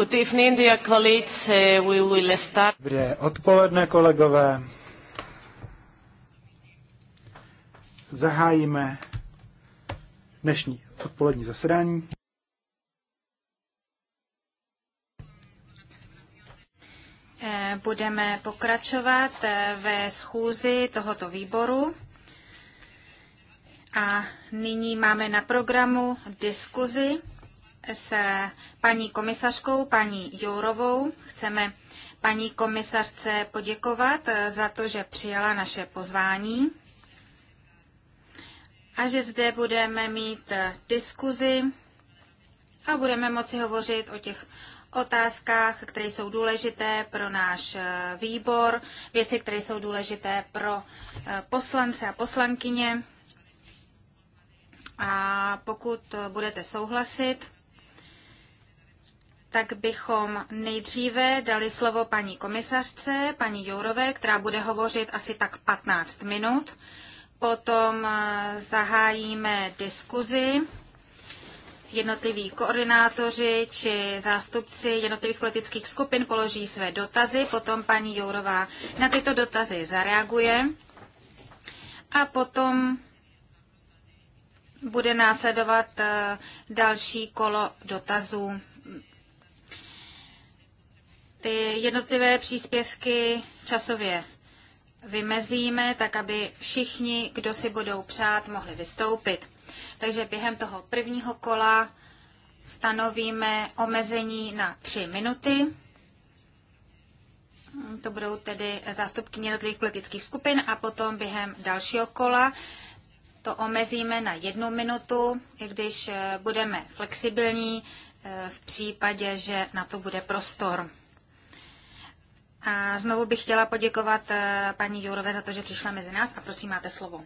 Good evening, dear colleagues. Uh, we will start. Dobré odpoledne, kolegové. Zahájíme dnešní odpolední zasedání. Eh, budeme pokračovat eh, ve schůzi tohoto výboru. A nyní máme na programu diskuzi s paní komisařkou, paní Jourovou. Chceme paní komisařce poděkovat eh, za to, že přijala naše pozvání a že zde budeme mít eh, diskuzi a budeme moci hovořit o těch otázkách, které jsou důležité pro náš eh, výbor, věci, které jsou důležité pro poslance a poslankyně. A pokud budete souhlasit, tak bychom nejdříve dali slovo paní komisařce, paní Jourové, která bude hovořit asi tak 15 minut. Potom eh, zahájíme diskuzi. Jednotliví koordinátoři či zástupci jednotlivých politických skupin položí své dotazy, potom paní Jourová na tyto dotazy zareaguje a potom bude následovat eh, další kolo dotazů ty jednotlivé příspěvky časově vymezíme, tak aby všichni, kdo si budou přát, mohli vystoupit. Takže během toho prvního kola stanovíme omezení na tři minuty. To budou tedy zástupky jednotlivých politických skupin a potom během dalšího kola to omezíme na jednu minutu, i když eh, budeme flexibilní eh, v případě, že na to bude prostor. A znovu bych chtěla poděkovat eh, paní Jourové za to, že přišla mezi nás a prosím, máte slovo.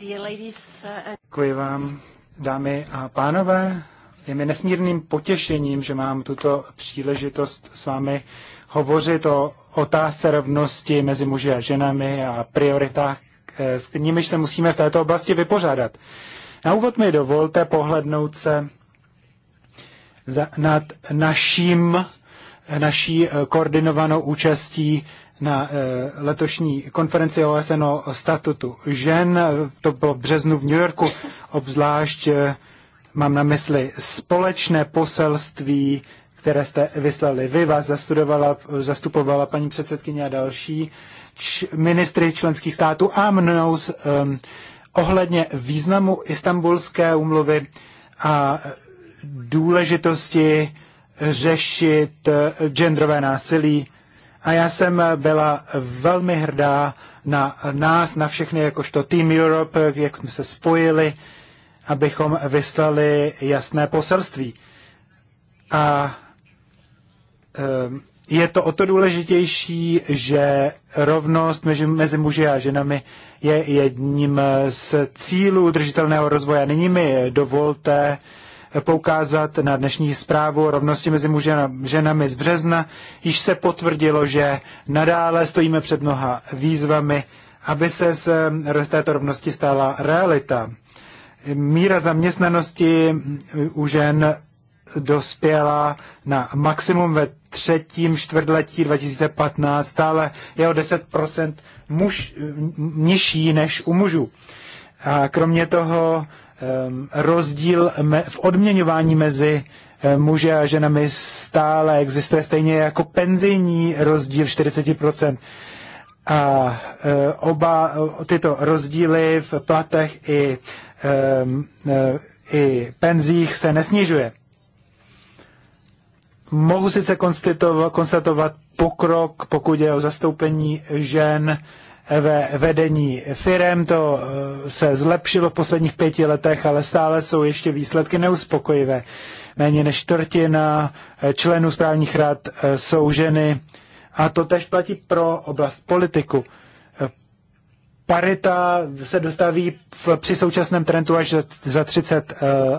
Eh, Děkuji vám, dámy a pánové. Je mi nesmírným potěšením, že mám tuto příležitost s vámi hovořit o otázce rovnosti mezi muži a ženami a prioritách, eh, s nimiž se musíme v této oblasti vypořádat. Na úvod mi dovolte pohlednout se za, nad naším naší eh, koordinovanou účastí na eh, letošní konferenci OSN o statutu žen. Eh, to bylo v březnu v New Yorku. Obzvlášť mám na mysli společné poselství, které jste vyslali vy, vás zastudovala, zastupovala paní předsedkyně a další č, ministry členských států a mnou s, um, ohledně významu istambulské umluvy a důležitosti řešit eh, genderové násilí. A já jsem byla velmi hrdá na nás, na všechny, jakožto Team Europe, jak jsme se spojili, abychom vyslali jasné poselství. A eh, je to o to důležitější, že rovnost mezi, mezi muži a ženami je jedním z cílů udržitelného rozvoje. Nyní mi dovolte uh, poukázat na dnešní zprávu o rovnosti mezi muži a ženami z března. Již se potvrdilo, že nadále stojíme před mnoha výzvami, aby se z eh, této rovnosti stala realita. Míra zaměstnanosti u žen dospěla na maximum ve třetím čtvrtletí 2015, stále je o 10% muž, nižší než u mužů. A kromě toho Ehm, rozdíl v odměňování mezi eh, muže a ženami stále existuje, stejně jako penzijní rozdíl 40%. A eh, oba tyto rozdíly v platech i, ehm, eh, i penzích se nesnižuje. Mohu sice konstatovat pokrok, pokud je o zastoupení žen ve vedení firem. To eh, se zlepšilo v posledních pěti letech, ale stále jsou ještě výsledky neuspokojivé. Méně než čtvrtina eh, členů správních rad eh, jsou ženy a to tež platí pro oblast politiku. Parita se dostaví v, při současném trendu až za, za 30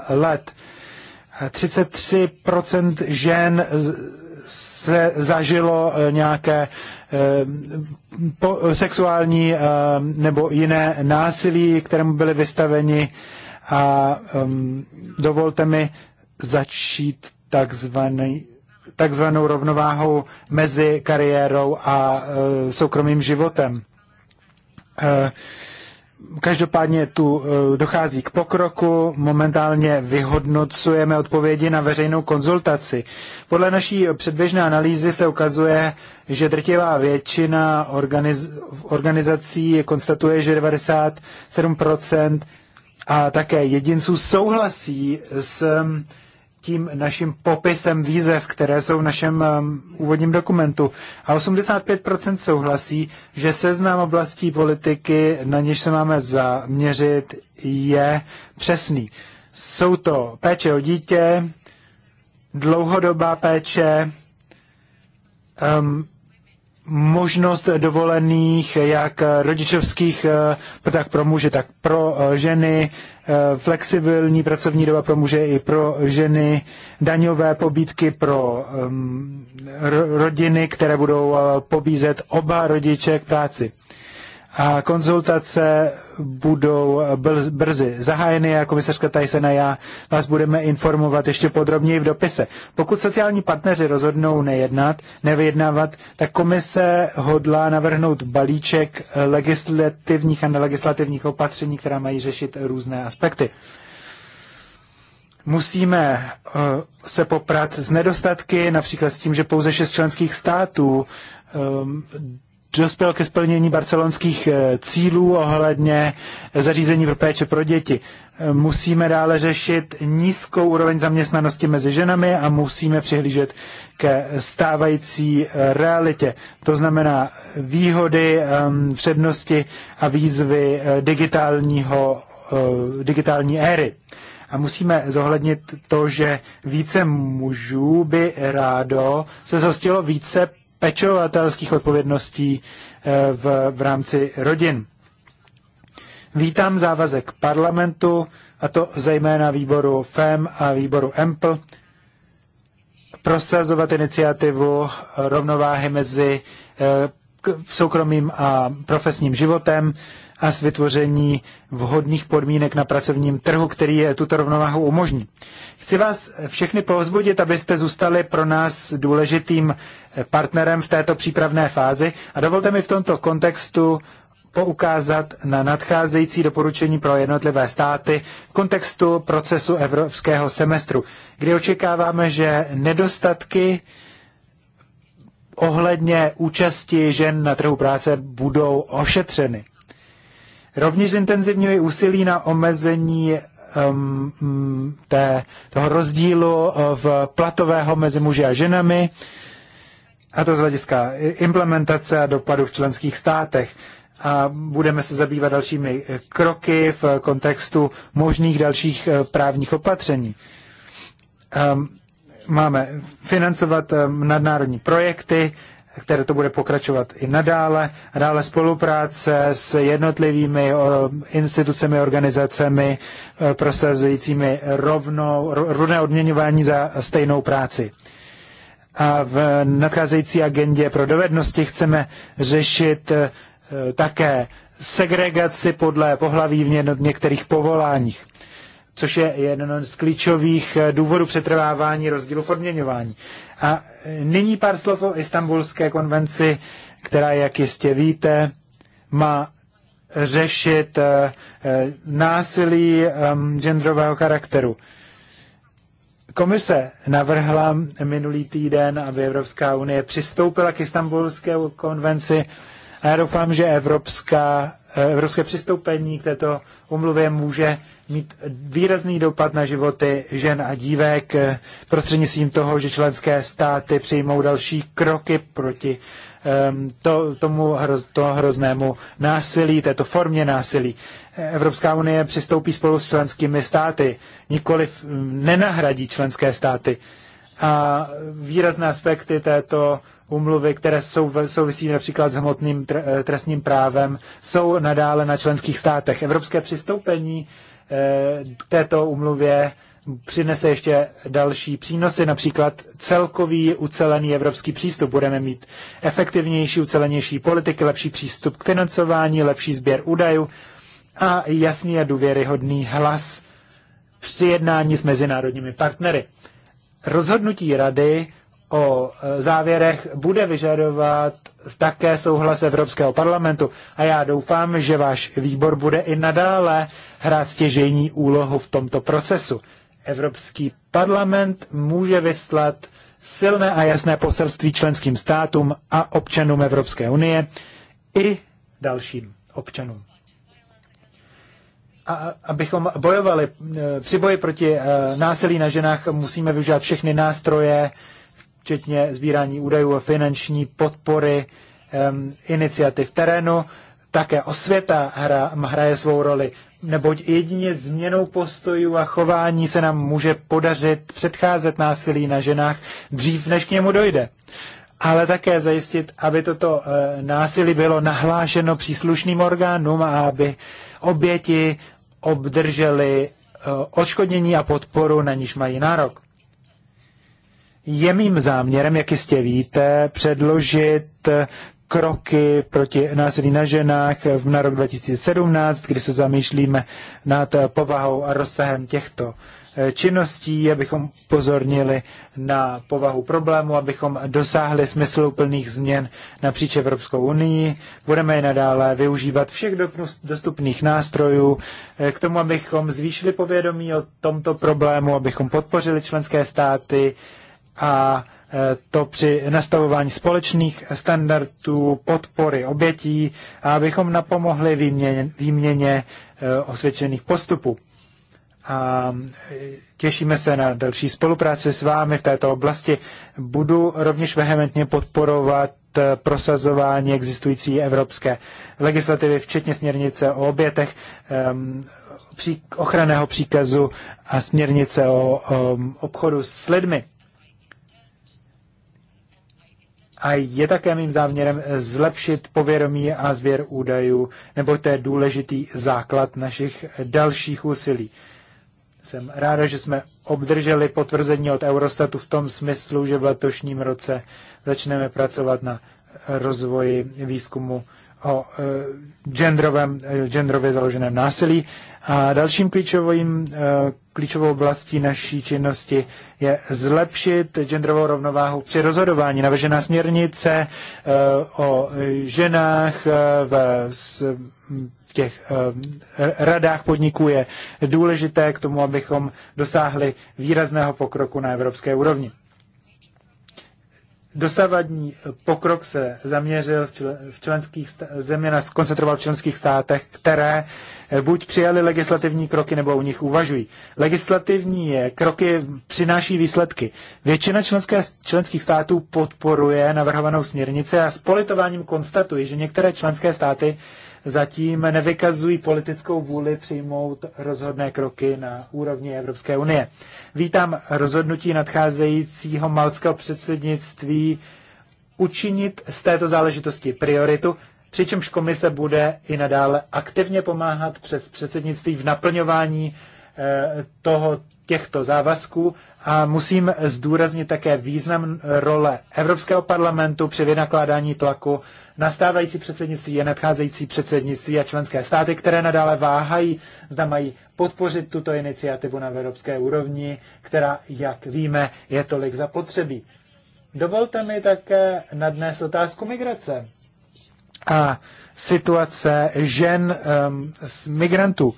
let. 33% žen se zažilo eh, nějaké eh, sexuální eh, nebo jiné násilí, kterému byli vystaveni. A ehm, dovolte mi začít takzvaný takzvanou rovnováhou mezi kariérou a soukromým životem Každopádně tu eh, dochází k pokroku, momentálně vyhodnocujeme odpovědi na veřejnou konzultaci. Podle naší předběžné analýzy se ukazuje, že drtivá většina organiz- organizací konstatuje, že 97% a také jedinců souhlasí s tím naším popisem výzev, které jsou v našem um, úvodním dokumentu. A 85% souhlasí, že seznam oblastí politiky, na něž se máme zaměřit, je přesný. Jsou to péče o dítě, dlouhodobá péče, um, možnost dovolených, jak rodičovských, eh, tak pro muže, tak pro eh, ženy, Eh, flexibilní pracovní doba pro muže i pro ženy, daňové pobídky pro ehm, rodiny, které budou eh, pobízet oba rodiče k práci. A konzultace budou brzy zahájeny a komisařka Tyson a já vás budeme informovat ještě podrobněji v dopise. Pokud sociální partneři rozhodnou nejednat, nevyjednávat, tak komise hodlá navrhnout balíček legislativních a nelegislativních opatření, která mají řešit různé aspekty. Musíme eh, se poprat s nedostatky, například s tím, že pouze šest členských států ehm, dospěl ke splnění barcelonských eh, cílů ohledně zařízení pro péče pro děti. Eh, musíme dále řešit nízkou úroveň zaměstnanosti mezi ženami a musíme přihlížet ke stávající eh, realitě. To znamená výhody, ehm, přednosti a výzvy digitálního, digitální éry. A musíme zohlednit to, že více mužů by rádo se zhostilo více pečovatelských odpovědností eh, v, v rámci rodin. Vítám závazek parlamentu, a to zejména výboru FEM a výboru EMPL, prosazovat iniciativu rovnováhy mezi eh, soukromým a profesním životem a s vytvoření vhodných podmínek na pracovním trhu, který je tuto rovnováhu umožní. Chci vás všechny povzbudit, abyste zůstali pro nás důležitým partnerem v této přípravné fázi a dovolte mi v tomto kontextu poukázat na nadcházející doporučení pro jednotlivé státy v kontextu procesu evropského semestru, kdy očekáváme, že nedostatky ohledně účasti žen na trhu práce budou ošetřeny. Rovněž zintenzivňuje úsilí na omezení um, té, toho rozdílu eh, v platového mezi muži a ženami, a to z hlediska implementace a dopadu v členských státech. A budeme se zabývat dalšími eh, kroky v kontextu možných dalších eh, právních opatření. Um, máme financovat nadnárodní projekty které to bude pokračovat i nadále. A dále spolupráce s jednotlivými eh, institucemi, organizacemi eh, prosazujícími rovnou, rovné odměňování za stejnou práci. A v nadcházející agendě pro dovednosti chceme řešit eh, také segregaci podle pohlaví v některých povoláních což je jeden z klíčových eh, důvodů přetrvávání rozdílu v odměňování. A eh, nyní pár slov o Istanbulské konvenci, která, jak jistě víte, má řešit eh, násilí ehm, genderového charakteru. Komise navrhla minulý týden, aby Evropská unie přistoupila k Istanbulské konvenci a já doufám, že Evropská, evropské přistoupení k této umluvě může mít výrazný dopad na životy žen a dívek eh, prostřednictvím toho, že členské státy přijmou další kroky proti ehm, to, tomu hroz, to hroznému násilí, této formě násilí. Evropská unie přistoupí spolu s členskými státy, nikoliv nenahradí členské státy. A výrazné aspekty této umluvy, které jsou, souvisí například s hmotným eh, trestním právem, jsou nadále na členských státech. Evropské přistoupení Eh, této umluvě přinese ještě další přínosy, například celkový ucelený evropský přístup. Budeme mít efektivnější, ucelenější politiky, lepší přístup k financování, lepší sběr údajů a jasný a důvěryhodný hlas při jednání s mezinárodními partnery. Rozhodnutí rady o e, závěrech bude vyžadovat také souhlas Evropského parlamentu a já doufám, že váš výbor bude i nadále hrát stěžejní úlohu v tomto procesu. Evropský parlament může vyslat silné a jasné poselství členským státům a občanům Evropské unie i dalším občanům. A abychom bojovali, e, při boji proti e, násilí na ženách musíme využívat všechny nástroje, včetně sbírání údajů a finanční podpory um, iniciativ terénu. Také osvěta hra, hraje svou roli, neboť jedině změnou postojů a chování se nám může podařit předcházet násilí na ženách dřív, než k němu dojde. Ale také zajistit, aby toto e, násilí bylo nahlášeno příslušným orgánům a aby oběti obdrželi e, odškodnění a podporu, na níž mají nárok. Je mým záměrem, jak jistě víte, předložit kroky proti násilí na ženách na rok 2017, kdy se zamýšlíme nad povahou a rozsahem těchto eh, činností, abychom pozornili na povahu problému, abychom dosáhli smysluplných změn napříč Evropskou unii. Budeme i nadále využívat všech dostupných nástrojů eh, k tomu, abychom zvýšili povědomí o tomto problému, abychom podpořili členské státy a e, to při nastavování společných standardů podpory obětí, a abychom napomohli výměně, výměně e, osvědčených postupů. A e, těšíme se na další spolupráci s vámi v této oblasti. Budu rovněž vehementně podporovat prosazování existující evropské legislativy, včetně směrnice o obětech, ochranného příkazu a směrnice o obchodu s lidmi. A je také mým záměrem zlepšit povědomí a sběr údajů, nebo to je důležitý základ našich dalších úsilí. Jsem ráda, že jsme obdrželi potvrzení od Eurostatu v tom smyslu, že v letošním roce začneme pracovat na rozvoji výzkumu o e, genderovém, e, genderově založeném násilí. A dalším klíčovým, e, klíčovou oblastí naší činnosti je zlepšit genderovou rovnováhu při rozhodování. Navržená směrnice o ženách v, v těch radách podniků je důležité k tomu, abychom dosáhli výrazného pokroku na evropské úrovni. Dosavadní pokrok se zaměřil v, čl- v členských země, na, v členských státech, které eh, buď přijali legislativní kroky, nebo u nich uvažují. Legislativní eh, kroky přináší výsledky. Většina členské, členských států podporuje navrhovanou směrnici a s politováním konstatuji, že některé členské státy zatím nevykazují politickou vůli přijmout rozhodné kroky na úrovni Evropské unie. Vítám rozhodnutí nadcházejícího malského předsednictví učinit z této záležitosti prioritu, přičemž komise bude i nadále aktivně pomáhat přes předsednictví v naplňování eh, toho, těchto závazků a musím zdůraznit také význam role Evropského parlamentu při vynakládání tlaku na stávající předsednictví a nadcházející předsednictví a členské státy, které nadále váhají, zda mají podpořit tuto iniciativu na evropské úrovni, která, jak víme, je tolik zapotřebí. Dovolte mi také na dnes otázku migrace a situace žen um, migrantů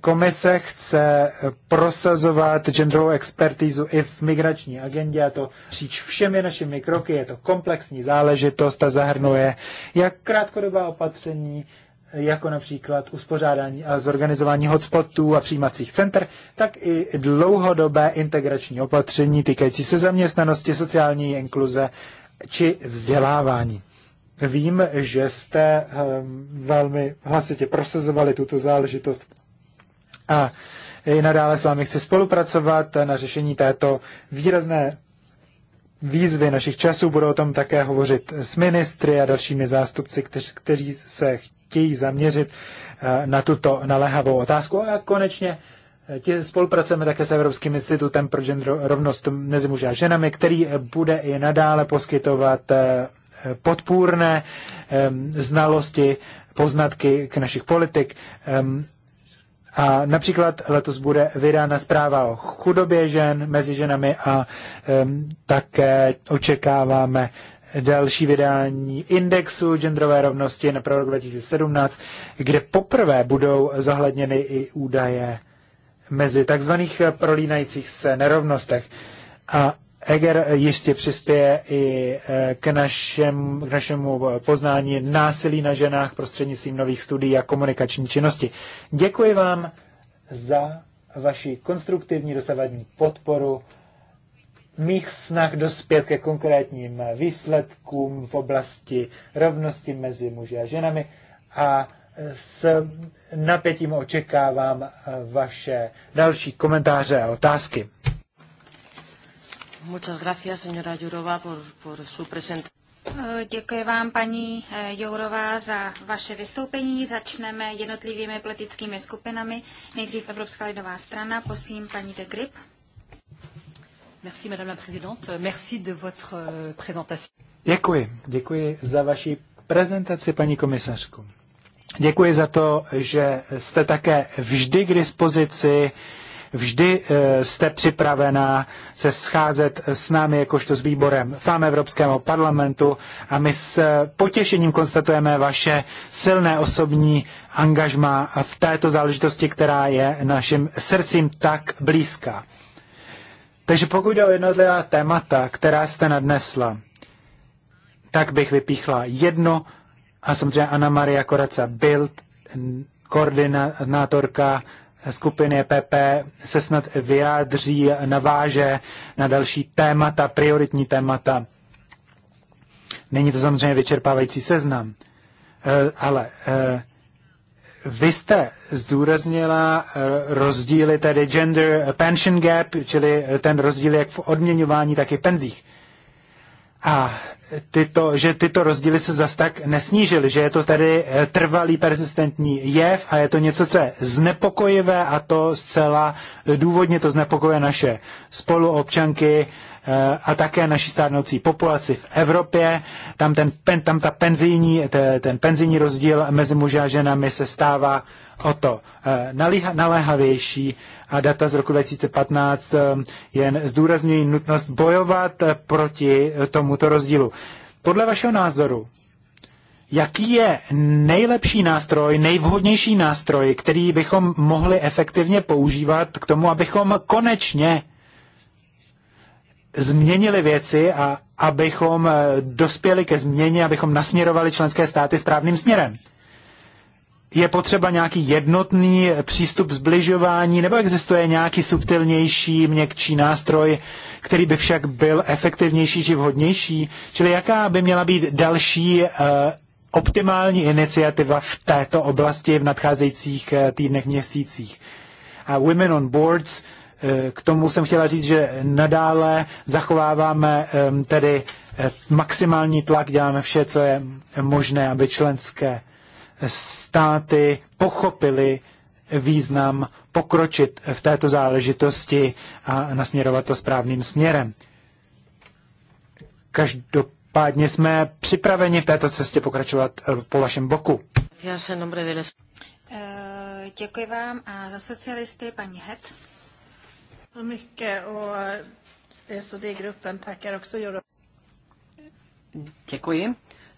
komise chce prosazovat genderovou expertízu i v migrační agendě a to příč všemi našimi kroky. Je to komplexní záležitost a zahrnuje jak krátkodobá opatření, jako například uspořádání a zorganizování hotspotů a přijímacích center, tak i dlouhodobé integrační opatření týkající se zaměstnanosti, sociální inkluze či vzdělávání. Vím, že jste um, velmi hlasitě prosazovali tuto záležitost a i nadále s vámi chci spolupracovat na řešení této výrazné výzvy našich časů. Budu o tom také hovořit s ministry a dalšími zástupci, kteř, kteří se chtějí zaměřit eh, na tuto naléhavou otázku. A konečně eh, tě spolupracujeme také s Evropským institutem pro gender rovnost mezi muži a ženami, který eh, bude i nadále poskytovat podpůrné znalosti, poznatky k našich politik ehm, a například letos bude vydána zpráva o chudobě žen mezi ženami a um, také očekáváme další vydání indexu genderové rovnosti na pro rok 2017, kde poprvé budou zohledněny i údaje mezi takzvaných prolínajících se nerovnostech. A Eger, jistě přispěje i eh, k, našem, k našemu eh, poznání násilí na ženách prostřednictvím nových studií a komunikační činnosti. Děkuji vám za vaši konstruktivní dosavadní podporu mých snah dospět ke konkrétním výsledkům v oblasti rovnosti mezi muži a ženami a s napětím očekávám vaše další komentáře a otázky. Muchas gracias, señora Jurova, por, por su presentación. Eh, děkuji vám, paní eh, Jourová, za vaše vystoupení. Začneme jednotlivými politickými skupinami. Nejdřív Evropská lidová strana. Prosím, paní de Grip. Merci, madame la présidente. Merci de votre euh, présentation. Děkuji. Děkuji za vaši prezentaci, paní komisařku. Děkuji za to, že jste také vždy k dispozici uh, Vždy eh, jste připravená se scházet s námi, jakožto s výborem FAM Evropského parlamentu a my s eh, potěšením konstatujeme vaše silné osobní angažma v této záležitosti, která je našim srdcím tak blízká. Takže pokud jde o jednotlivá témata, která jste nadnesla, tak bych vypíchla jedno a samozřejmě Anna Maria Koraca Bild, koordinátorka skupiny EPP se snad vyjádří, naváže na další témata, prioritní témata. Není to samozřejmě vyčerpávající seznam, eh, ale eh, vy jste zdůraznila eh, rozdíly, tedy gender pension gap, čili ten rozdíl jak v odměňování, tak i v penzích. A tyto, že tyto rozdíly se zas tak nesnížily, že je to tady eh, trvalý persistentní jev a je to něco, co je znepokojivé a to zcela eh, důvodně to znepokojuje naše spoluobčanky Eh, a také naší stárnoucí populaci v Evropě. Tam, ten, pen, tam ta penzijní, ten penzijní rozdíl mezi muži a ženami se stává o to eh, naléhavější a data z roku 2015 eh, jen zdůrazňují nutnost bojovat proti tomuto rozdílu. Podle vašeho názoru, jaký je nejlepší nástroj, nejvhodnější nástroj, který bychom mohli efektivně používat k tomu, abychom konečně změnili věci a abychom eh, dospěli ke změně, abychom nasměrovali členské státy správným směrem. Je potřeba nějaký jednotný přístup zbližování, nebo existuje nějaký subtilnější, měkčí nástroj, který by však byl efektivnější či vhodnější? Čili jaká by měla být další eh, optimální iniciativa v této oblasti v nadcházejících eh, týdnech, měsících? A Women on Boards k tomu jsem chtěla říct, že nadále zachováváme tedy eh, maximální tlak, děláme vše, co je možné, aby členské státy pochopili význam pokročit v této záležitosti a nasměrovat to správným směrem. Každopádně jsme připraveni v této cestě pokračovat eh, po vašem boku. Eh, děkuji vám a za socialisty paní Het så mycket och eh, SOD-gruppen tackar också Děkuji.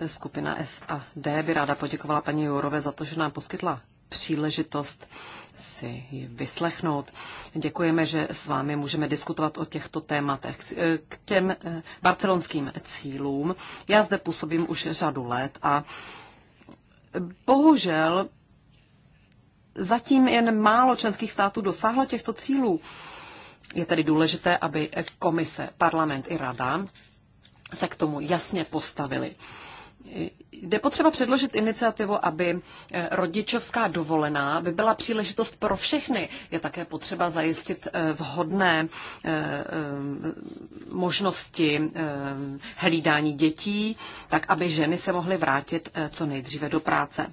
Skupina SAD by ráda poděkovala paní Jourové za to, že nám poskytla příležitost si ji vyslechnout. Děkujeme, že s vámi můžeme diskutovat o těchto tématech. Eh, k těm eh, barcelonským cílům. Já zde působím už řadu let a bohužel zatím jen málo členských států dosáhlo těchto cílů. Je tedy důležité, aby komise, parlament i rada se k tomu jasně postavili. Jde potřeba předložit iniciativu, aby eh, rodičovská dovolená by byla příležitost pro všechny. Je také potřeba zajistit eh, vhodné eh, možnosti hlídání dětí, tak aby ženy se mohly vrátit co nejdříve do práce.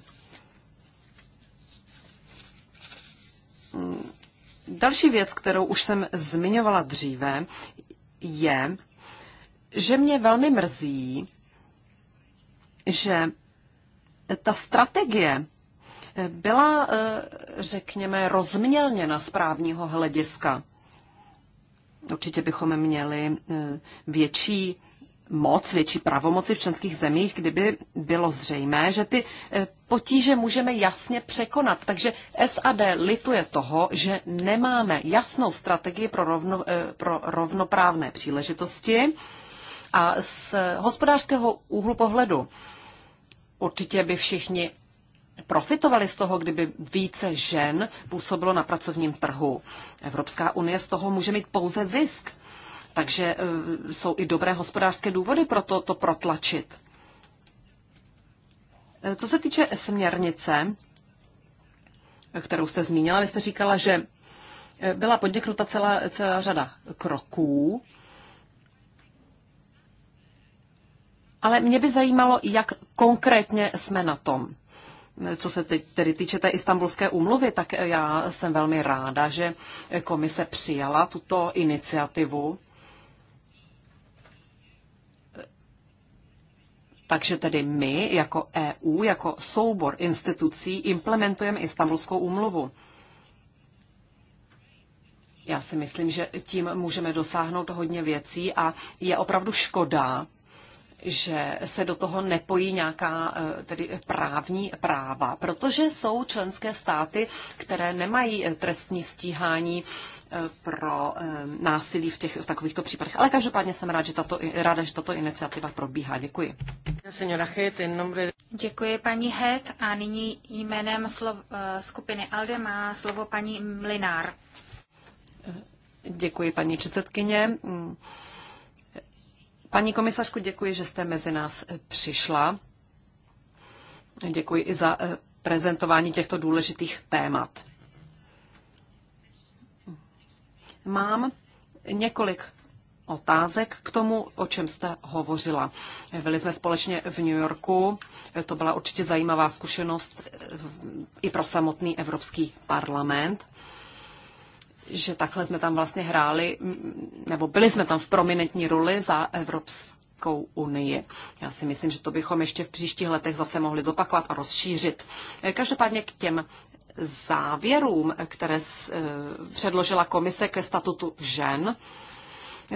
Další věc, kterou už jsem zmiňovala dříve, je, že mě velmi mrzí, že ta strategie byla, eh, řekněme, rozmělněna z právního hlediska. Určitě bychom měli eh, větší moc, větší pravomoci v členských zemích, kdyby bylo zřejmé, že ty eh, potíže můžeme jasně překonat. Takže SAD lituje toho, že nemáme jasnou strategii pro, rovno, eh, pro rovnoprávné příležitosti a z hospodářského úhlu pohledu určitě by všichni profitovali z toho, kdyby více žen působilo na pracovním trhu. Evropská unie z toho může mít pouze zisk. Takže e, jsou i dobré hospodářské důvody pro to, to protlačit. E, co se týče směrnice, kterou jste zmínila, vy jste říkala, že e, byla podniknuta celá, celá řada kroků, ale mě by zajímalo, jak konkrétně jsme na tom. Co se teď tedy týče té istambulské úmluvy, tak já jsem velmi ráda, že komise přijala tuto iniciativu. Takže tedy my jako EU, jako soubor institucí implementujeme Istanbulskou úmluvu. Já si myslím, že tím můžeme dosáhnout hodně věcí a je opravdu škoda, že se do toho nepojí nějaká eh, tedy právní práva, protože jsou členské státy, které nemají eh, trestní stíhání pro eh, násilí v těch v takovýchto případech. Ale každopádně jsem rád, že tato, ráda, že tato iniciativa probíhá. Děkuji. Děkuji paní Het a nyní jménem slov, eh, skupiny ALDE má slovo paní Mlinár. Eh, děkuji paní předsedkyně. Mm. Paní komisařku, děkuji, že jste mezi nás přišla. Děkuji i za prezentování těchto důležitých témat. Mám několik otázek k tomu, o čem jste hovořila. Byli jsme společně v New Yorku, to byla určitě zajímavá zkušenost eh, i pro samotný Evropský parlament že takhle jsme tam vlastně hráli, mm, nebo byli jsme tam v prominentní roli za Evropskou unii. Já si myslím, že to bychom ještě v příštích letech zase mohli zopakovat a rozšířit. Eh, každopádně k těm závěrům, které eh, předložila komise ke statutu žen,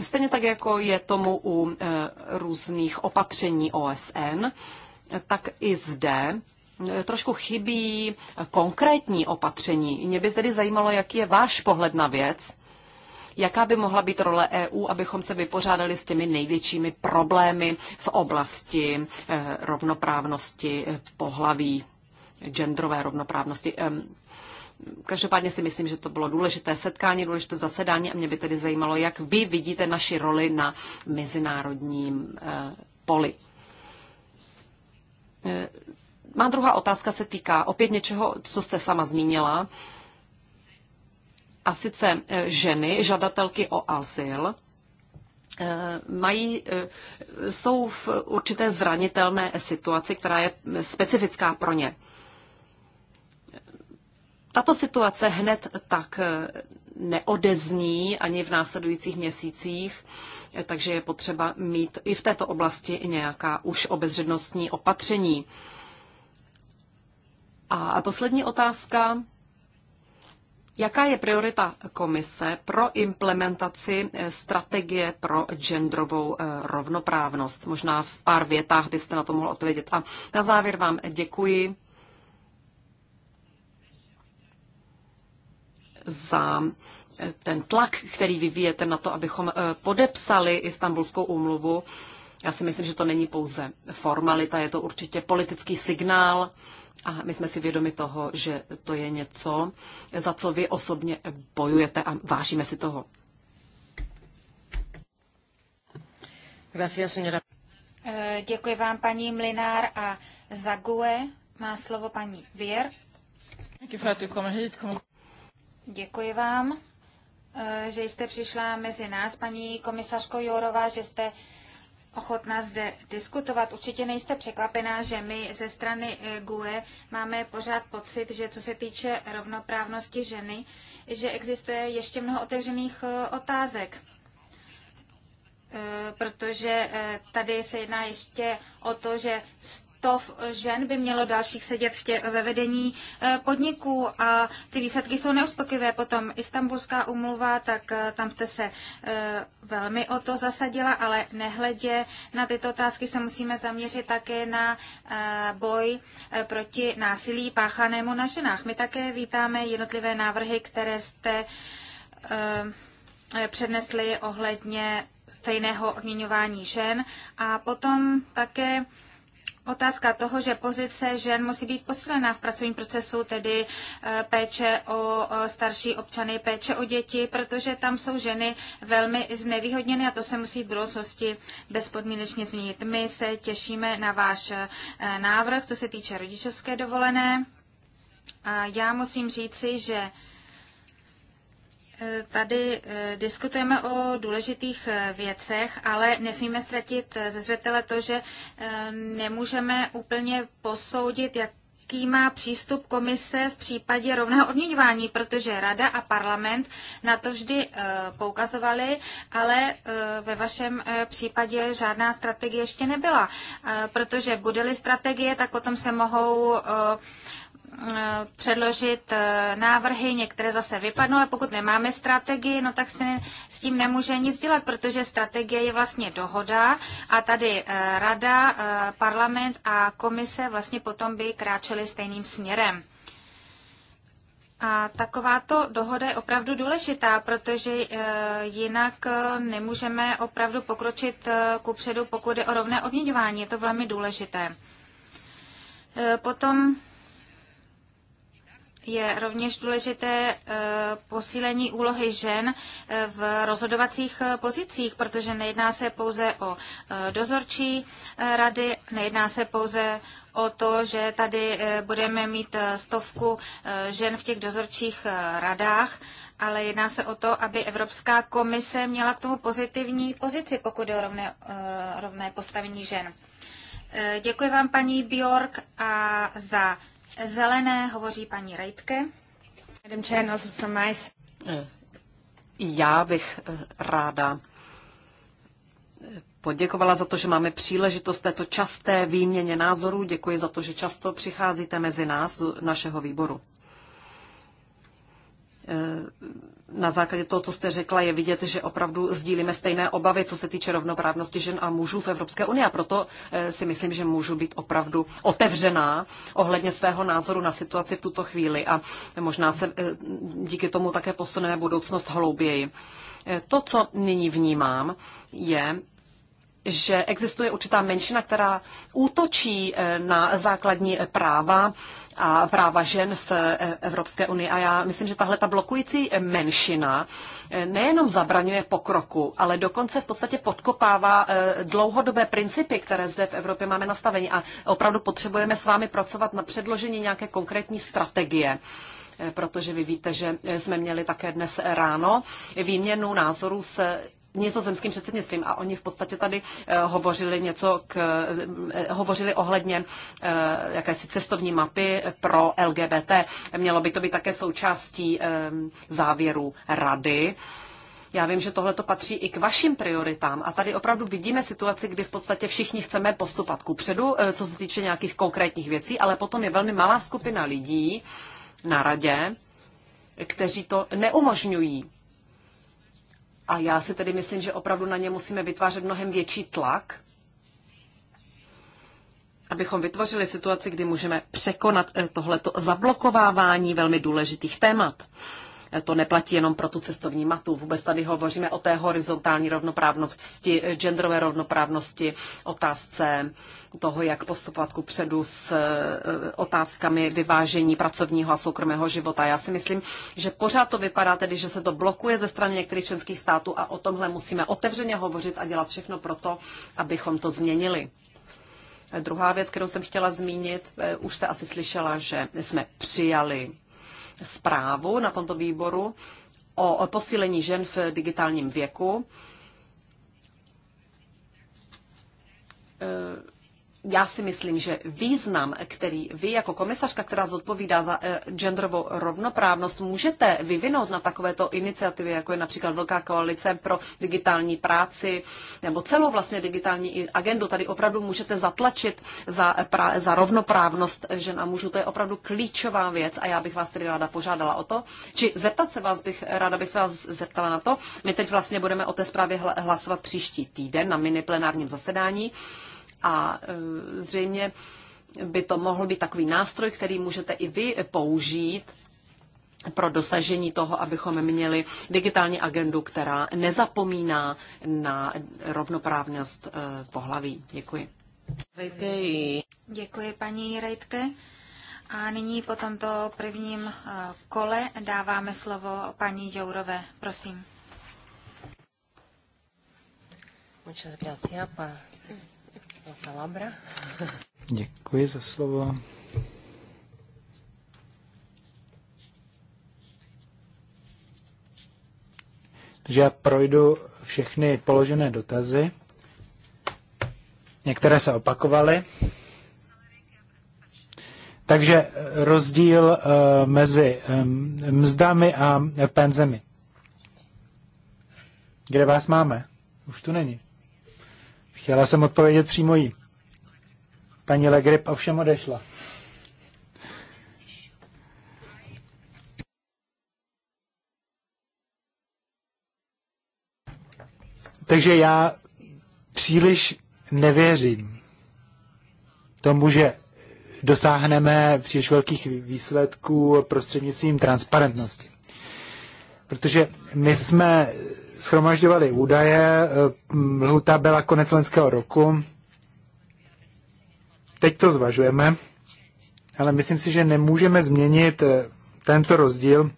stejně tak jako je tomu u eh, různých opatření OSN, tak i zde eh, trošku chybí konkrétní opatření. Mě by tedy zajímalo, jaký je váš pohled na věc, jaká by mohla být role EU, abychom se vypořádali s těmi největšími problémy v oblasti rovnoprávnosti pohlaví genderové rovnoprávnosti. Každopádně si myslím, že to bylo důležité setkání, důležité zasedání a mě by tedy zajímalo, jak vy vidíte naši roli na mezinárodním eh, poli. Eh, má druhá otázka se týká opět něčeho, co jste sama zmínila, a sice eh, ženy, žadatelky o asyl, mají, jsou v určité zranitelné situaci, která je specifická pro ně. Tato situace hned tak eh, neodezní ani v následujících měsících, eh, takže je potřeba mít i v této oblasti nějaká už obezřednostní opatření. A poslední otázka. Jaká je priorita komise pro implementaci eh, strategie pro genderovou rovnoprávnost? Možná v pár větách byste na to mohl odpovědět. A na závěr vám děkuji za eh, ten tlak, který vyvíjete na to, abychom eh, podepsali Istanbulskou úmluvu. Já si myslím, že to není pouze formalita, je to určitě politický signál a my jsme si vědomi toho, že to je něco, za co vy osobně bojujete a vážíme si toho. Eh, děkuji vám, paní Mlinár a Zague má slovo paní Věr. Děkuji vám, eh, že jste přišla mezi nás, paní komisařko Jourová, že jste ochotná zde diskutovat. Určitě nejste překvapená, že my ze strany eh, GUE máme pořád pocit, že co se týče rovnoprávnosti ženy, že existuje ještě mnoho otevřených eh, otázek. Protože tady se jedná ještě o to, že 100 žen by mělo dalších sedět v tě, ve vedení eh, podniků a ty výsledky jsou neuspokojivé. Potom Istanbulská umluva, tak eh, tam jste se eh, velmi o to zasadila, ale nehledě na tyto otázky se musíme zaměřit také na boj proti násilí páchanému na ženách. My také vítáme jednotlivé návrhy, které jste přednesli ohledně stejného odměňování žen a potom také otázka toho, že pozice žen musí být posílená v pracovním procesu, tedy eh, péče o starší občany, péče o děti, protože tam jsou ženy velmi znevýhodněny a to se musí v budoucnosti bezpodmínečně změnit. My se těšíme na váš eh, návrh, co se týče rodičovské dovolené. Já musím říci, že tady eh, diskutujeme o důležitých eh, věcech, ale nesmíme ztratit eh, ze zřetele to, že nemůžeme úplně posoudit, jak jaký má přístup komise v případě rovného odměňování, protože rada a parlament na to vždy poukazovali, ale ve vašem případě žádná strategie ještě nebyla, protože bude-li strategie, tak o tom se mohou Eh, předložit eh, návrhy, některé zase vypadnou, ale pokud nemáme strategii, no tak se s tím nemůže nic dělat, protože strategie je vlastně dohoda a tady eh, rada, parlament a komise vlastně potom by kráčely stejným směrem. A takováto dohoda je opravdu důležitá, protože jinak nemůžeme opravdu pokročit ku předu, pokud je o rovné odměňování. Je to velmi důležité. Potom je rovněž důležité eh, posílení úlohy žen eh, v rozhodovacích eh, pozicích, protože nejedná se pouze o dozorčí rady, nejedná se pouze o to, že tady budeme mít stovku žen v těch dozorčích radách, ale jedná se o to, aby Evropská komise měla k tomu pozitivní pozici, pokud je o rovné, rovné postavení žen. Děkuji vám, paní Bjork, a za zelené hovoří paní Rejtke. Eh, já bych eh, ráda eh, poděkovala za to, že máme příležitost této časté výměně názorů. Děkuji za to, že často přicházíte mezi nás, do našeho výboru na základě toho, co jste řekla, je vidět, že opravdu sdílíme stejné obavy, co se týče rovnoprávnosti žen a mužů v Evropské unii. A proto eh, si myslím, že můžu být opravdu otevřená ohledně svého názoru na situaci v tuto chvíli. A možná se eh, díky tomu také posuneme budoucnost hlouběji. Eh, to, co nyní vnímám, je, že existuje určitá menšina, která útočí eh, na základní práva a práva žen v eh, Evropské unii. A já myslím, že tahle ta blokující menšina eh, nejenom zabraňuje pokroku, ale dokonce v podstatě podkopává dlouhodobé principy, které zde v Evropě máme nastavení. A opravdu potřebujeme s vámi pracovat na předložení nějaké konkrétní strategie protože vy víte, že jsme měli také dnes ráno výměnu názorů s nizozemským předsednictvím a oni v podstatě tady eh, hovořili něco k, eh, eh, hovořili ohledně jakési cestovní mapy pro LGBT. Mělo by to být také součástí závěru rady. Já vím, že tohle to patří i k vašim prioritám a tady opravdu vidíme situaci, kdy v podstatě všichni chceme postupat kupředu, co se týče nějakých konkrétních věcí, ale potom je velmi malá skupina lidí na radě, kteří to neumožňují. A já si tedy myslím, že opravdu na ně musíme vytvářet mnohem větší tlak, abychom vytvořili situaci, kdy můžeme překonat eh, tohleto zablokovávání velmi důležitých témat. To neplatí jenom pro tu cestovní matu. Vůbec tady hovoříme o té horizontální rovnoprávnosti, genderové rovnoprávnosti, otázce toho, jak postupovat ku předu s e, otázkami vyvážení pracovního a soukromého života. Já si myslím, že pořád to vypadá tedy, že se to blokuje ze strany některých členských států a o tomhle musíme otevřeně hovořit a dělat všechno pro to, abychom to změnili. Druhá věc, kterou jsem chtěla zmínit, e, už jste asi slyšela, že jsme přijali zprávu na tomto výboru o posílení žen v digitálním věku. E já si myslím, že význam, který vy jako komisařka, která zodpovídá za eh, genderovou rovnoprávnost, můžete vyvinout na takovéto iniciativy, jako je například Velká koalice pro digitální práci nebo celou vlastně digitální agendu, tady opravdu můžete zatlačit za, eh, pra, za rovnoprávnost žen a mužů. To je opravdu klíčová věc a já bych vás tedy ráda požádala o to, či zeptat se vás bych, eh, ráda bych se vás zeptala na to. My teď vlastně budeme o té zprávě hlasovat příští týden na mini plenárním zasedání a e, zřejmě by to mohl být takový nástroj, který můžete i vy použít pro dosažení toho, abychom měli digitální agendu, která nezapomíná na rovnoprávnost e, pohlaví. Děkuji. Děkuji, paní Rejtke. A nyní po tomto prvním e, kole dáváme slovo paní Jourové. Prosím. Muchas gracias, Děkuji za slovo. Takže já projdu všechny položené dotazy. Některé se opakovaly. Takže rozdíl eh, mezi eh, mzdami a penzemi. Kde vás máme? Už tu není. Chtěla jsem odpovědět přímo jí. Paní Legrip ovšem odešla. Takže já příliš nevěřím tomu, že dosáhneme příliš velkých výsledků prostřednictvím transparentnosti. Protože my jsme schromažďovali údaje, eh, lhuta byla konec loňského roku. Teď to zvažujeme, ale myslím si, že nemůžeme změnit eh, tento rozdíl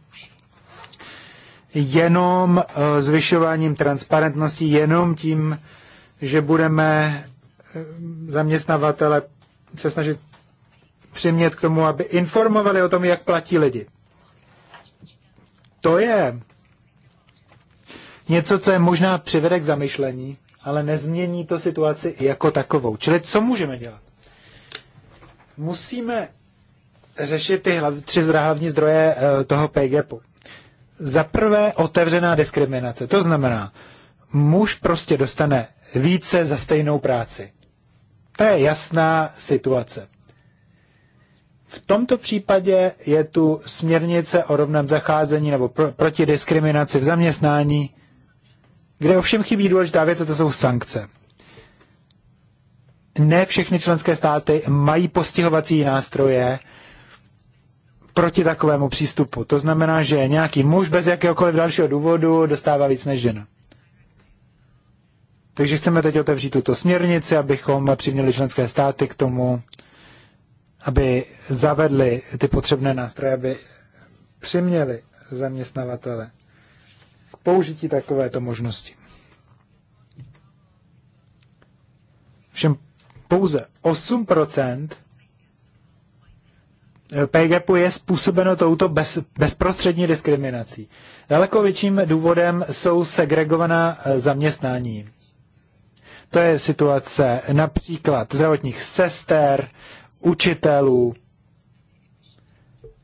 jenom eh, zvyšováním transparentnosti, jenom tím, že budeme zaměstnavatele se snažit přimět k tomu, aby informovali o tom, jak platí lidi. To je něco, co je možná přivede k zamyšlení, ale nezmění to situaci jako takovou. Čili co můžeme dělat? Musíme řešit ty tři hlavní zdroje eh, toho PGPu. Za prvé otevřená diskriminace. To znamená, muž prostě dostane více za stejnou práci. To je jasná situace. V tomto případě je tu směrnice o rovném zacházení nebo pro, proti diskriminaci v zaměstnání, kde ovšem chybí důležitá věc, a to jsou sankce. Ne všechny členské státy mají postihovací nástroje proti takovému přístupu. To znamená, že nějaký muž bez jakéhokoliv dalšího důvodu dostává víc než žena. Takže chceme teď otevřít tuto směrnici, abychom přiměli členské státy k tomu, aby zavedli ty potřebné nástroje, aby přiměli zaměstnavatele použití takovéto možnosti. Všem pouze 8 PGAPu eh, je způsobeno touto bez, bezprostřední diskriminací. Daleko větším důvodem jsou segregovaná eh, zaměstnání. To je situace například zdravotních sester, učitelů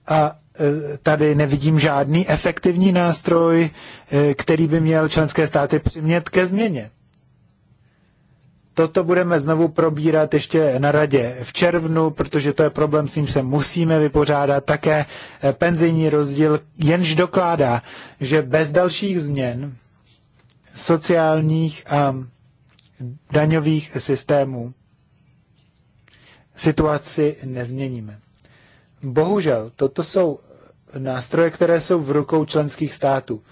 a Eh, tady nevidím žádný efektivní nástroj, eh, který by měl členské státy přimět ke změně. Toto budeme znovu probírat ještě na radě v červnu, protože to je problém, s ním se musíme vypořádat. Také eh, penzijní rozdíl jenž dokládá, že bez dalších změn sociálních a daňových systémů situaci nezměníme. Bohužel, toto jsou nástroje, které jsou v rukou členských států.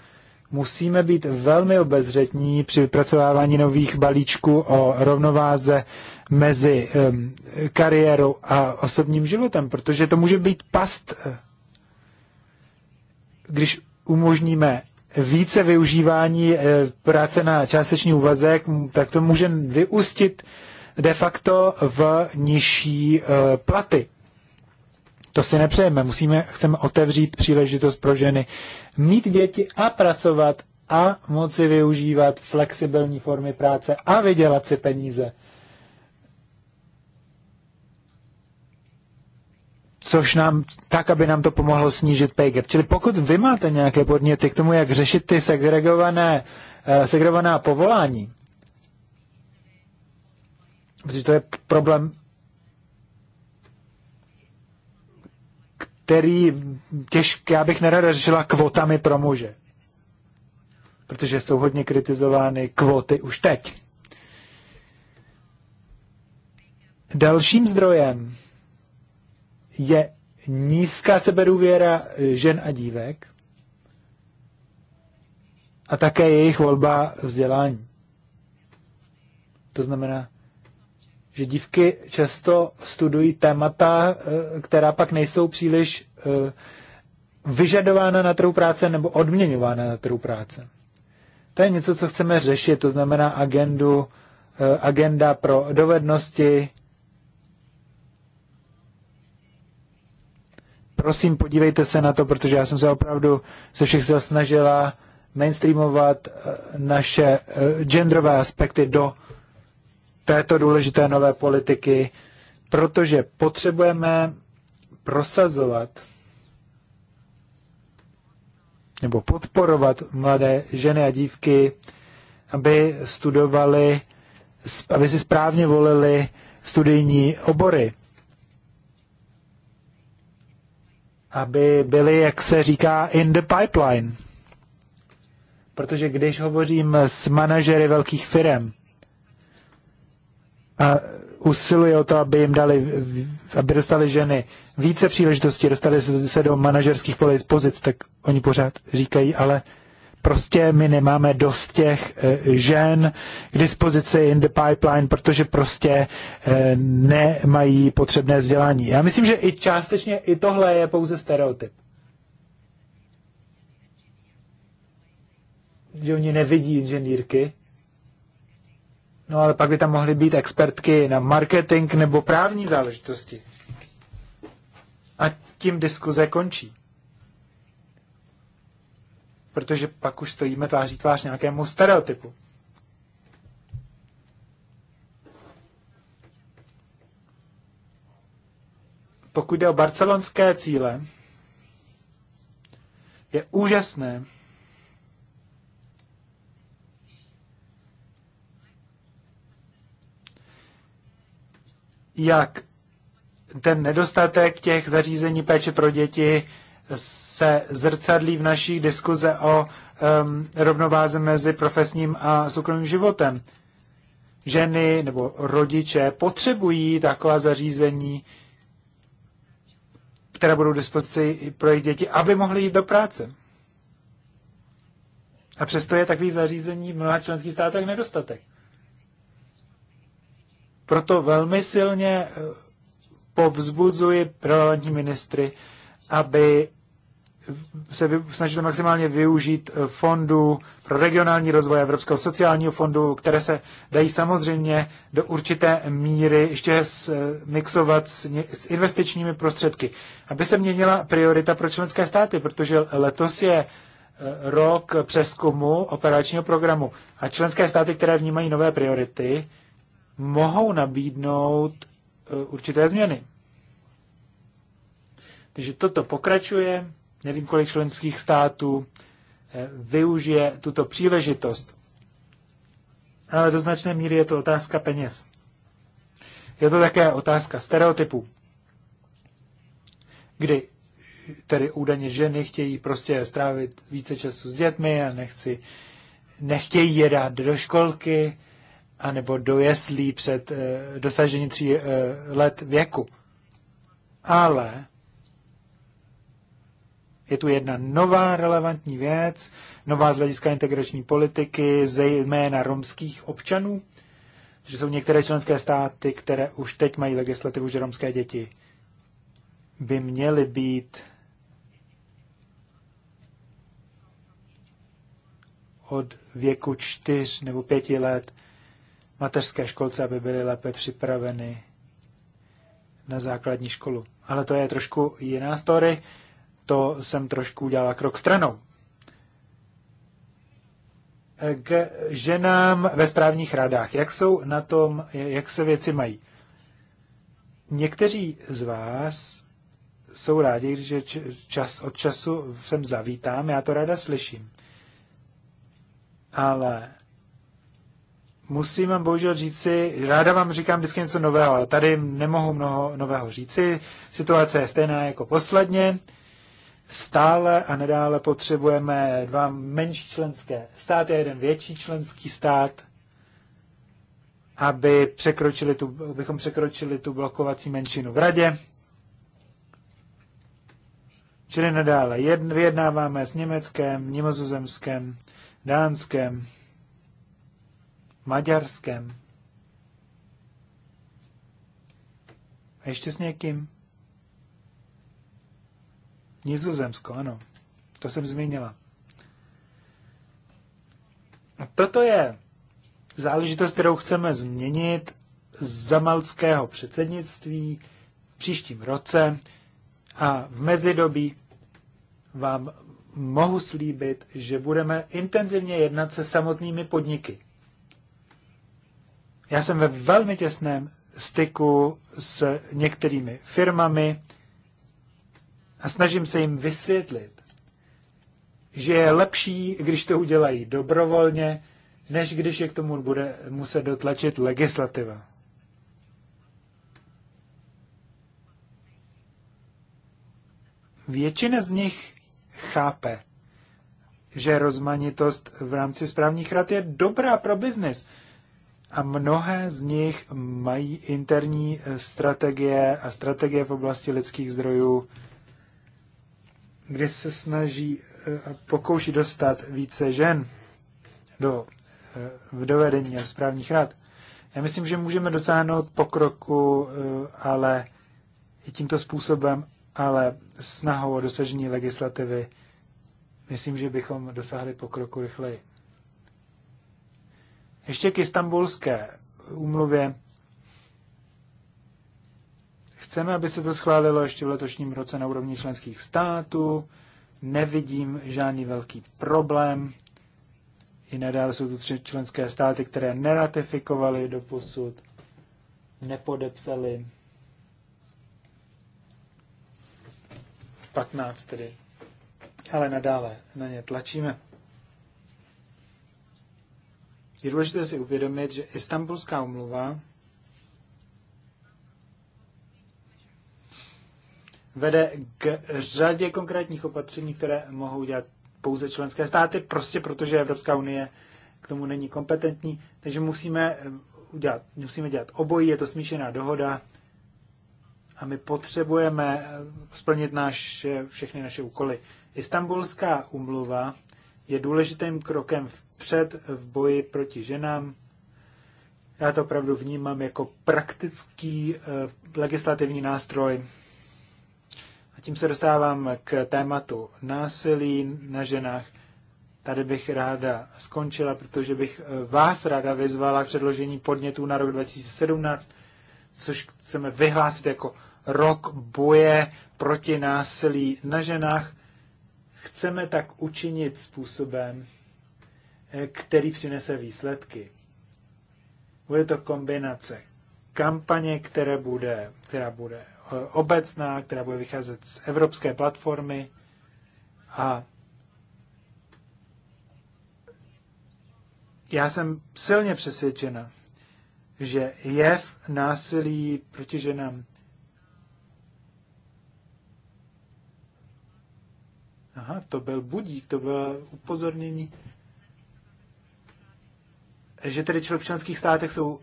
Musíme být velmi obezřetní při vypracovávání nových balíčků o rovnováze mezi um, kariérou a osobním životem, protože to může být past, když umožníme více využívání e, práce na částečný úvazek, tak to může vyústit de facto v nižší e, platy. To si nepřejeme. Musíme, chceme otevřít příležitost pro ženy mít děti a pracovat a moci využívat flexibilní formy práce a vydělat si peníze. což nám, tak, aby nám to pomohlo snížit pay gap. Čili pokud vy máte nějaké podněty k tomu, jak řešit ty segregované, eh, segregovaná povolání, protože to je problém který těžké, já bych nerada řešila kvotami pro muže. Protože jsou hodně kritizovány kvoty už teď. Dalším zdrojem je nízká sebedůvěra žen a dívek a také jejich volba vzdělání. To znamená, že dívky často studují témata, e, která pak nejsou příliš e, vyžadována na trhu práce nebo odměňována na trhu práce. To je něco, co chceme řešit, to znamená agendu, e, agenda pro dovednosti. Prosím, podívejte se na to, protože já jsem se opravdu ze všech snažila mainstreamovat naše genderové aspekty do této důležité nové politiky, protože potřebujeme prosazovat nebo podporovat mladé ženy a dívky, aby studovali, aby si správně volili studijní obory. Aby byly, jak se říká, in the pipeline. Protože když hovořím s manažery velkých firm, a usiluje o to, aby jim dali, aby dostali ženy více příležitostí, dostali se do manažerských pozic, tak oni pořád říkají, ale prostě my nemáme dost těch e, žen k dispozici in the pipeline, protože prostě e, nemají potřebné vzdělání. Já myslím, že i částečně i tohle je pouze stereotyp. Že oni nevidí inženýrky, No ale pak by tam mohly být expertky na marketing nebo právní záležitosti. A tím diskuze končí. Protože pak už stojíme tváří tvář nějakému stereotypu. Pokud jde o barcelonské cíle, je úžasné, jak ten nedostatek těch zařízení péče pro děti se zrcadlí v naší diskuze o um, rovnováze mezi profesním a soukromým životem. Ženy nebo rodiče potřebují taková zařízení, které budou dispozici pro jejich děti, aby mohly jít do práce. A přesto je takových zařízení v mnoha členských státech nedostatek. Proto velmi silně eh, povzbuzuji relevantní ministry, aby se snažili maximálně využít eh, fondů pro regionální rozvoj Evropského sociálního fondu, které se dají samozřejmě do určité míry ještě eh, mixovat s investičními prostředky, aby se měnila priorita pro členské státy, protože letos je rok přeskumu operačního programu a členské státy, které vnímají nové priority, mohou nabídnout eh, určité změny. Takže toto pokračuje, nevím, kolik členských států eh, využije tuto příležitost. Ale do značné míry je to otázka peněz. Je to také otázka stereotypů, kdy tedy údajně ženy chtějí prostě strávit více času s dětmi a nechci, nechtějí je dát do školky, anebo do jeslí před eh, dosažení tří eh, let věku. Ale je tu jedna nová relevantní věc, nová z hlediska integrační politiky, zejména romských občanů, že jsou některé členské státy, které už teď mají legislativu, že romské děti by měly být od věku čtyř nebo pěti let mateřské školce, aby byly lépe připraveny na základní školu. Ale to je trošku jiná story, to jsem trošku udělala krok stranou. K ženám ve správních radách. Jak jsou na tom, jak se věci mají? Někteří z vás jsou rádi, že čas od času sem zavítám, já to ráda slyším. Ale musím vám bohužel říci, ráda vám říkám vždycky něco nového, ale tady nemohu mnoho nového říci. Situace je stejná jako posledně. Stále a nedále potřebujeme dva menší členské státy a jeden větší členský stát, aby překročili tu, abychom překročili tu blokovací menšinu v radě. Čili nedále jedn, vyjednáváme s Německem, Nimozozemskem, Dánskem, Maďarskem. A ještě s někým. Nizozemsko, ano. To jsem zmínila. A toto je záležitost, kterou chceme změnit za malského předsednictví v příštím roce a v mezidobí vám mohu slíbit, že budeme intenzivně jednat se samotnými podniky. Já jsem ve velmi těsném styku s některými firmami a snažím se jim vysvětlit, že je lepší, když to udělají dobrovolně, než když je k tomu bude muset dotlačit legislativa. Většina z nich chápe, že rozmanitost v rámci správních rad je dobrá pro biznis a mnohé z nich mají interní eh, strategie a strategie v oblasti lidských zdrojů, kde se snaží eh, a pokouší dostat více žen do, eh, do vedení a správních rad. Já myslím, že můžeme dosáhnout pokroku, ale i tímto způsobem, ale snahou o dosažení legislativy, myslím, že bychom dosáhli pokroku rychleji. Ještě k istambulské úmluvě. Chceme, aby se to schválilo ještě v letošním roce na úrovni členských států. Nevidím žádný velký problém. I nadále jsou tu tři členské státy, které neratifikovaly do posud, nepodepsali 15 tedy. Ale nadále na ně tlačíme. Je důležité si uvědomit, že Istanbulská umluva vede k řadě konkrétních opatření, které mohou dělat pouze členské státy, prostě protože Evropská unie k tomu není kompetentní, takže musíme eh, udělat, musíme dělat obojí, je to smíšená dohoda a my potřebujeme eh, splnit náš, všechny naše úkoly. Istanbulská umluva je důležitým krokem v vpřed v boji proti ženám. Já to opravdu vnímám jako praktický eh, legislativní nástroj. A tím se dostávám k tématu násilí na ženách. Tady bych ráda skončila, protože bych eh, vás ráda vyzvala k předložení podnětů na rok 2017, což chceme vyhlásit jako rok boje proti násilí na ženách. Chceme tak učinit způsobem, který přinese výsledky. Bude to kombinace kampaně, které bude, která bude eh, obecná, která bude vycházet z evropské platformy a já jsem silně přesvědčena, že jev násilí proti ženám Aha, to byl budík, to bylo upozornění že tedy v členských státech jsou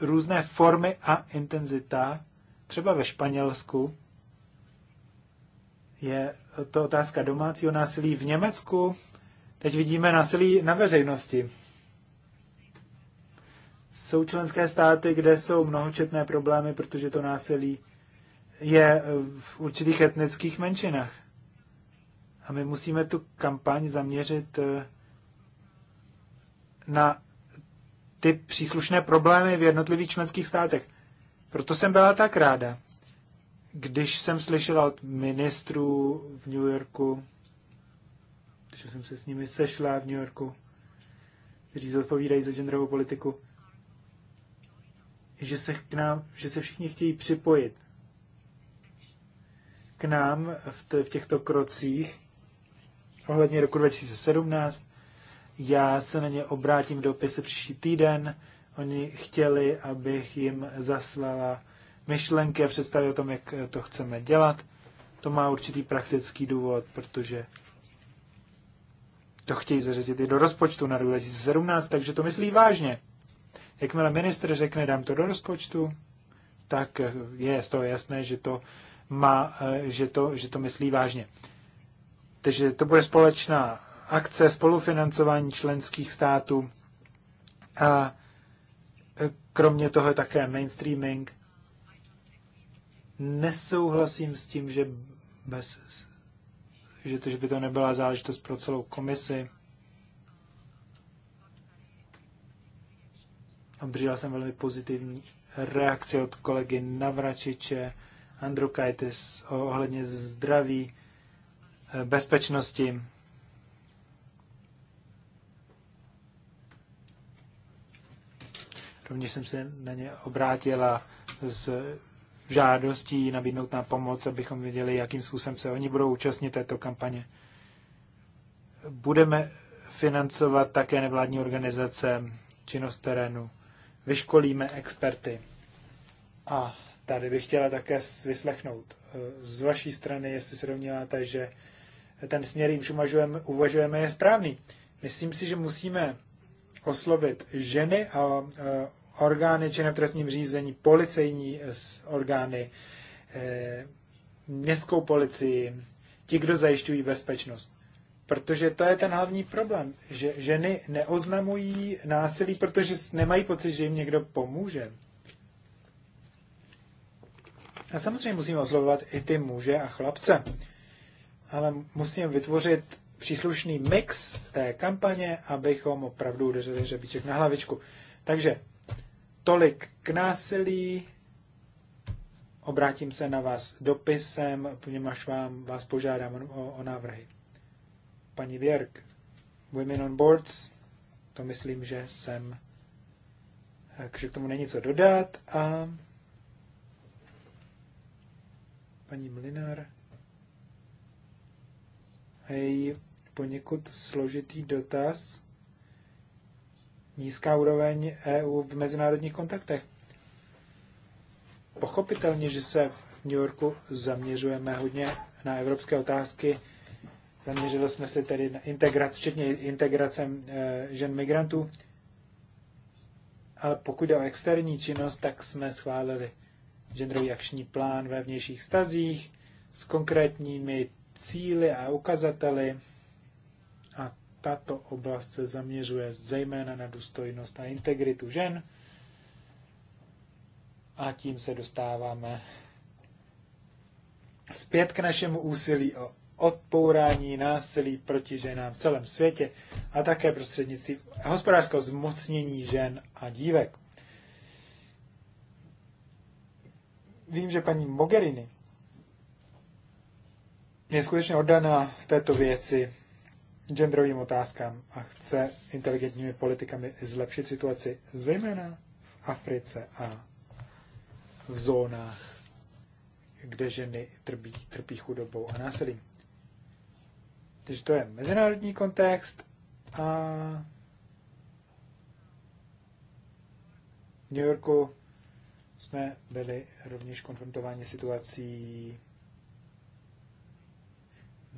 různé formy a intenzita. Třeba ve Španělsku je to otázka domácího násilí. V Německu teď vidíme násilí na veřejnosti. Jsou členské státy, kde jsou mnohočetné problémy, protože to násilí je eh, v určitých etnických menšinách. A my musíme tu kampaň zaměřit eh, na ty příslušné problémy v jednotlivých členských státech. Proto jsem byla tak ráda, když jsem slyšela od ministrů v New Yorku, že jsem se s nimi sešla v New Yorku, kteří zodpovídají za genderovou politiku, že se, k nám, že se všichni chtějí připojit k nám v, t- v těchto krocích ohledně roku 2017 já se na ně obrátím dopise příští týden. Oni chtěli, abych jim zaslala myšlenky a představy o tom, jak to chceme dělat. To má určitý praktický důvod, protože to chtějí zařadit i do rozpočtu na rok 2017, takže to myslí vážně. Jakmile ministr řekne, dám to do rozpočtu, tak je z toho jasné, že to, má, že to, že to myslí vážně. Takže to bude společná akce spolufinancování členských států a e, kromě toho je také mainstreaming. Nesouhlasím s tím, že, bez, že, to, že by to nebyla záležitost pro celou komisi. Obdržela jsem velmi pozitivní reakci od kolegy Navračiče, Andrukaitis ohledně zdraví, e, bezpečnosti Rovněž jsem se na ně obrátila s žádostí nabídnout nám pomoc, abychom věděli, jakým způsobem se oni budou účastnit této kampaně. Budeme financovat také nevládní organizace, činnost terénu, vyškolíme experty. A tady bych chtěla také vyslechnout eh, z vaší strany, jestli se domníváte, že ten směr, jimž uvažujeme, je správný. Myslím si, že musíme oslovit ženy a orgány činné v trestním řízení, policejní eh, orgány, eh, městskou policii, ti, kdo zajišťují bezpečnost. Protože to je ten hlavní problém, že ženy neoznamují násilí, protože nemají pocit, že jim někdo pomůže. A samozřejmě musíme oslovovat i ty muže a chlapce, ale musíme vytvořit příslušný mix té kampaně, abychom opravdu udeřili hřebíček na hlavičku. Takže tolik k násilí. Obrátím se na vás dopisem, poněvadž vám vás požádám o, o návrhy. Paní Věrk, Women on Boards, to myslím, že jsem, eh, že k tomu není co dodat. A paní Mlinar, hej, poněkud složitý dotaz. Nízká úroveň EU v mezinárodních kontaktech. Pochopitelně, že se v New Yorku zaměřujeme hodně na evropské otázky. Zaměřili jsme se tedy na integraci, včetně integrace e, žen migrantů. Ale pokud jde o externí činnost, tak jsme schválili genderový akční plán ve vnějších stazích s konkrétními cíly a ukazateli a tato oblast se zaměřuje zejména na důstojnost a integritu žen a tím se dostáváme zpět k našemu úsilí o odpourání násilí proti ženám v celém světě a také prostřednictvím hospodářského zmocnění žen a dívek. Vím, že paní Mogherini je skutečně oddaná této věci genderovým otázkám a chce inteligentními politikami zlepšit situaci, zejména v Africe a v zónách, kde ženy trpí, trpí chudobou a násilím. Takže to je mezinárodní kontext a v New Yorku jsme byli rovněž konfrontováni situací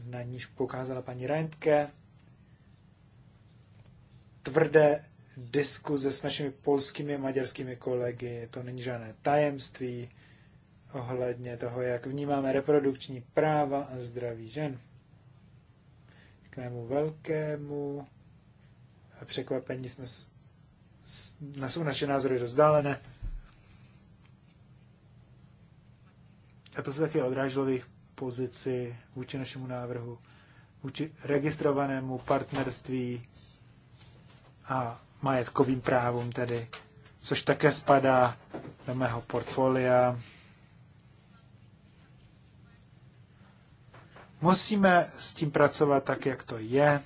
na níž poukázala paní Rentke. tvrdé diskuze s našimi polskými a maďarskými kolegy, to není žádné tajemství ohledně toho, jak vnímáme reprodukční práva a zdraví žen. K mému velkému překvapení jsme na jsou naše názory rozdálené. A to se také odráželo v jejich pozici vůči našemu návrhu, vůči registrovanému partnerství a majetkovým právům tedy, což také spadá do mého portfolia. Musíme s tím pracovat tak, jak to je.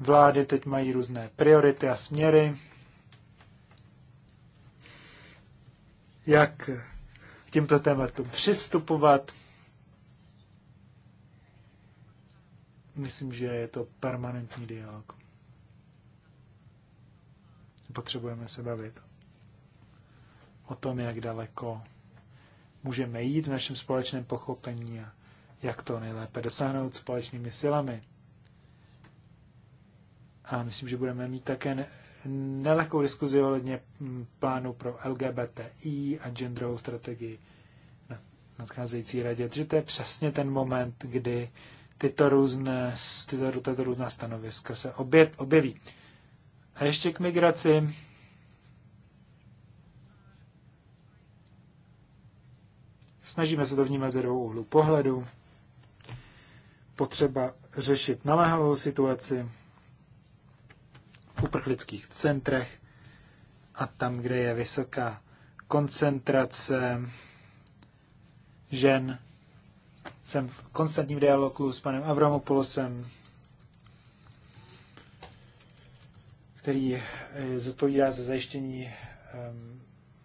Vlády teď mají různé priority a směry. Jak k těmto tématům přistupovat. myslím, že je to permanentní dialog. Potřebujeme se bavit o tom, jak daleko můžeme jít v našem společném pochopení a jak to nejlépe dosáhnout společnými silami. A myslím, že budeme mít také nelehkou diskuzi ohledně mm, plánu pro LGBTI a genderovou strategii na nadcházející radě, že to je přesně ten moment, kdy tyto různé, tyto, tyto různá stanoviska se obě, objeví. A ještě k migraci. Snažíme se to vnímat ze dvou úhlu pohledu. Potřeba řešit naléhavou situaci v uprchlických centrech a tam, kde je vysoká koncentrace žen jsem v konstantním dialogu s panem Avramopoulosem, který eh, zodpovídá za zajištění ehm,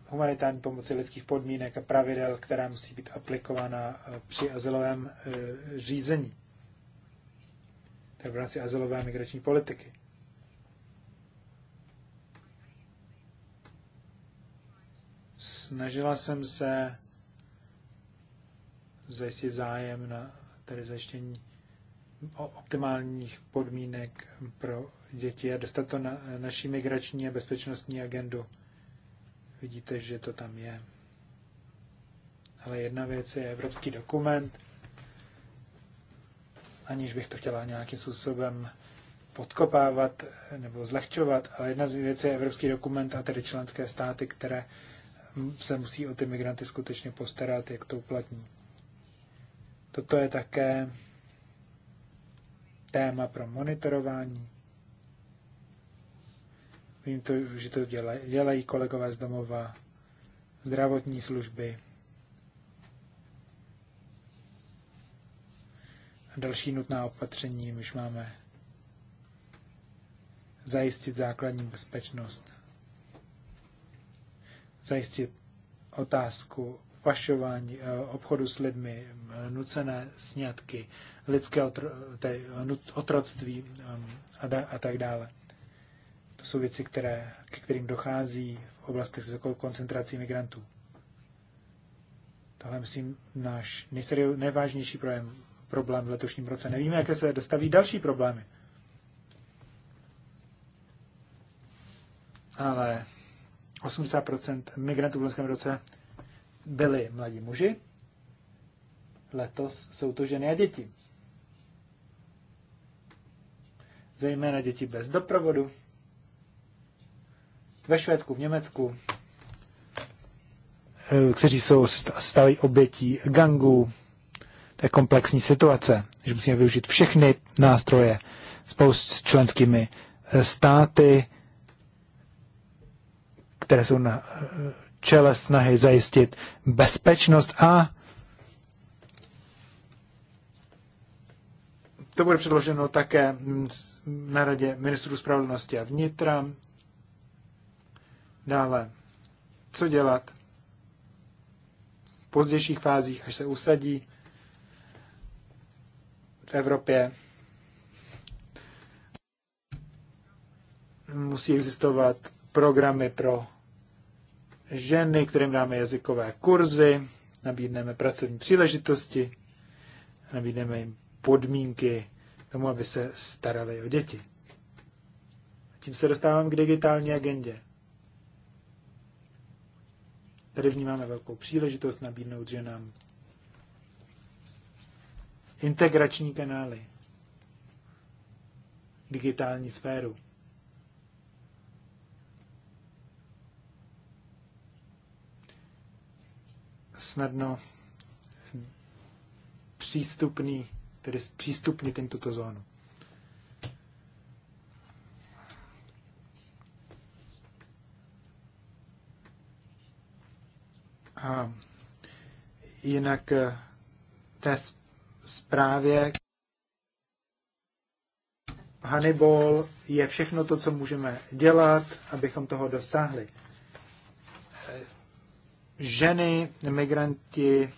humanitární pomoci lidských podmínek a pravidel, která musí být aplikována eh, při azylovém eh, řízení, tedy v rámci azylové migrační politiky. Snažila jsem se zajistit zájem na tedy zajištění optimálních podmínek pro děti a dostat to na naší migrační a bezpečnostní agendu. Vidíte, že to tam je. Ale jedna věc je evropský dokument, aniž bych to chtěla nějakým způsobem podkopávat nebo zlehčovat, ale jedna z věcí je evropský dokument a tedy členské státy, které se musí o ty migranty skutečně postarat, jak to uplatní. Toto je také téma pro monitorování. Vím, to, že to dělají, dělají kolegové z domova, zdravotní služby a další nutná opatření, už máme zajistit základní bezpečnost, zajistit otázku pašování, eh, obchodu s lidmi, eh, nucené sňatky, lidské eh, otroctví a, tak dále. To jsou věci, které, k kterým dochází v oblastech s koncentrací migrantů. Tohle myslím náš nejvážnější problém, problém v letošním roce. Nevíme, jaké se dostaví další problémy. Ale 80% migrantů v loňském roce byli mladí muži, letos jsou to ženy a děti. Zejména děti bez doprovodu. Ve Švédsku, v Německu, eh, kteří jsou stali obětí gangů, to je komplexní situace, že musíme využít všechny nástroje spolu s členskými eh, státy, které jsou na, eh, čele snahy zajistit bezpečnost a to bude předloženo také na radě ministrů spravedlnosti a vnitra. Dále, co dělat v pozdějších fázích, až se usadí v Evropě. Musí existovat programy pro ženy, kterým dáme jazykové kurzy, nabídneme pracovní příležitosti, nabídneme jim podmínky tomu, aby se starali o děti. A tím se dostávám k digitální agendě. Tady vnímáme velkou příležitost nabídnout ženám integrační kanály, digitální sféru. snadno přístupný, tedy přístupný tím tuto zónu. A jinak eh, té zprávě Hannibal je všechno to, co můžeme dělat, abychom toho dosáhli ženy, migranti,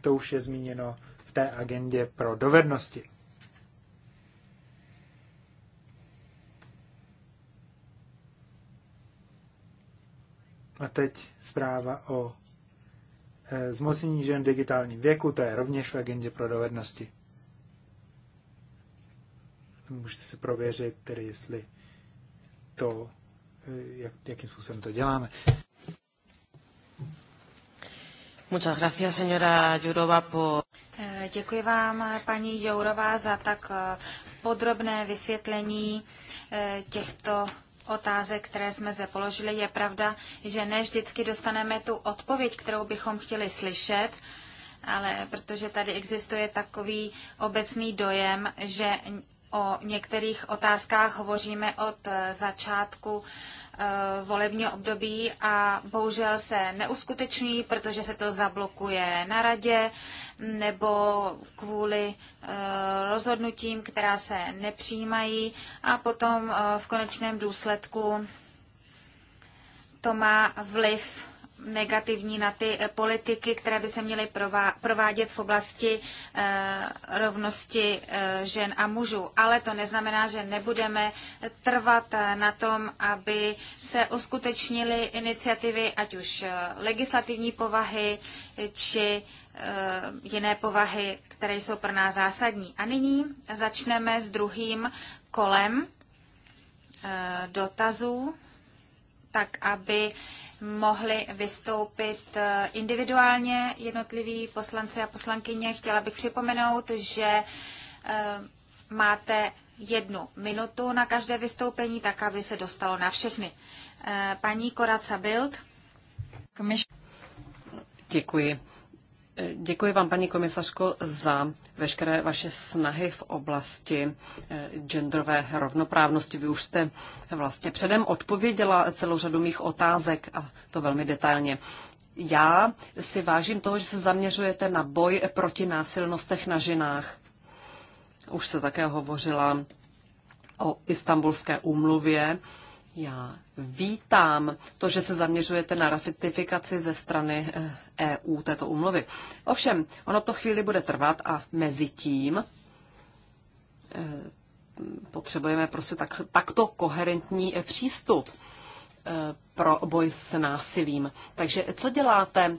to už je zmíněno v té agendě pro dovednosti. A teď zpráva o eh, zmocnění žen v digitálním věku, to je rovněž v agendě pro dovednosti. Můžete si prověřit, tedy jestli to, eh, jak, jakým způsobem to děláme. Muchas gracias, señora Jurova, por... Eh, děkuji vám, paní Jourová, za tak eh, podrobné vysvětlení eh, těchto otázek, které jsme zde položili. Je pravda, že ne vždycky dostaneme tu odpověď, kterou bychom chtěli slyšet, ale protože tady existuje takový obecný dojem, že o některých otázkách hovoříme od začátku Eh, volebního období a bohužel se neuskuteční, protože se to zablokuje na radě nebo kvůli eh, rozhodnutím, která se nepřijímají a potom eh, v konečném důsledku to má vliv negativní na ty eh, politiky, které by se měly provádět v oblasti eh, rovnosti eh, žen a mužů. Ale to neznamená, že nebudeme trvat na tom, aby se uskutečnily iniciativy, ať už legislativní povahy či jiné povahy, které jsou pro nás zásadní. A nyní začneme s druhým kolem dotazů tak aby mohli vystoupit eh, individuálně jednotliví poslanci a poslankyně. Chtěla bych připomenout, že eh, máte jednu minutu na každé vystoupení, tak aby se dostalo na všechny. Eh, paní Koraca Bild. Děkuji. Děkuji vám, paní komisařko, za veškeré vaše snahy v oblasti eh, genderové rovnoprávnosti. Vy už jste vlastně předem odpověděla celou řadu mých otázek a to velmi detailně. Já si vážím toho, že se zaměřujete na boj proti násilnostech na ženách. Už se také hovořila o istambulské úmluvě já vítám to, že se zaměřujete na ratifikaci ze strany EU eh, e této umluvy. Ovšem, ono to chvíli bude trvat a mezi tím eh, potřebujeme prostě tak, takto koherentní eh, přístup pro boj s násilím. Takže co děláte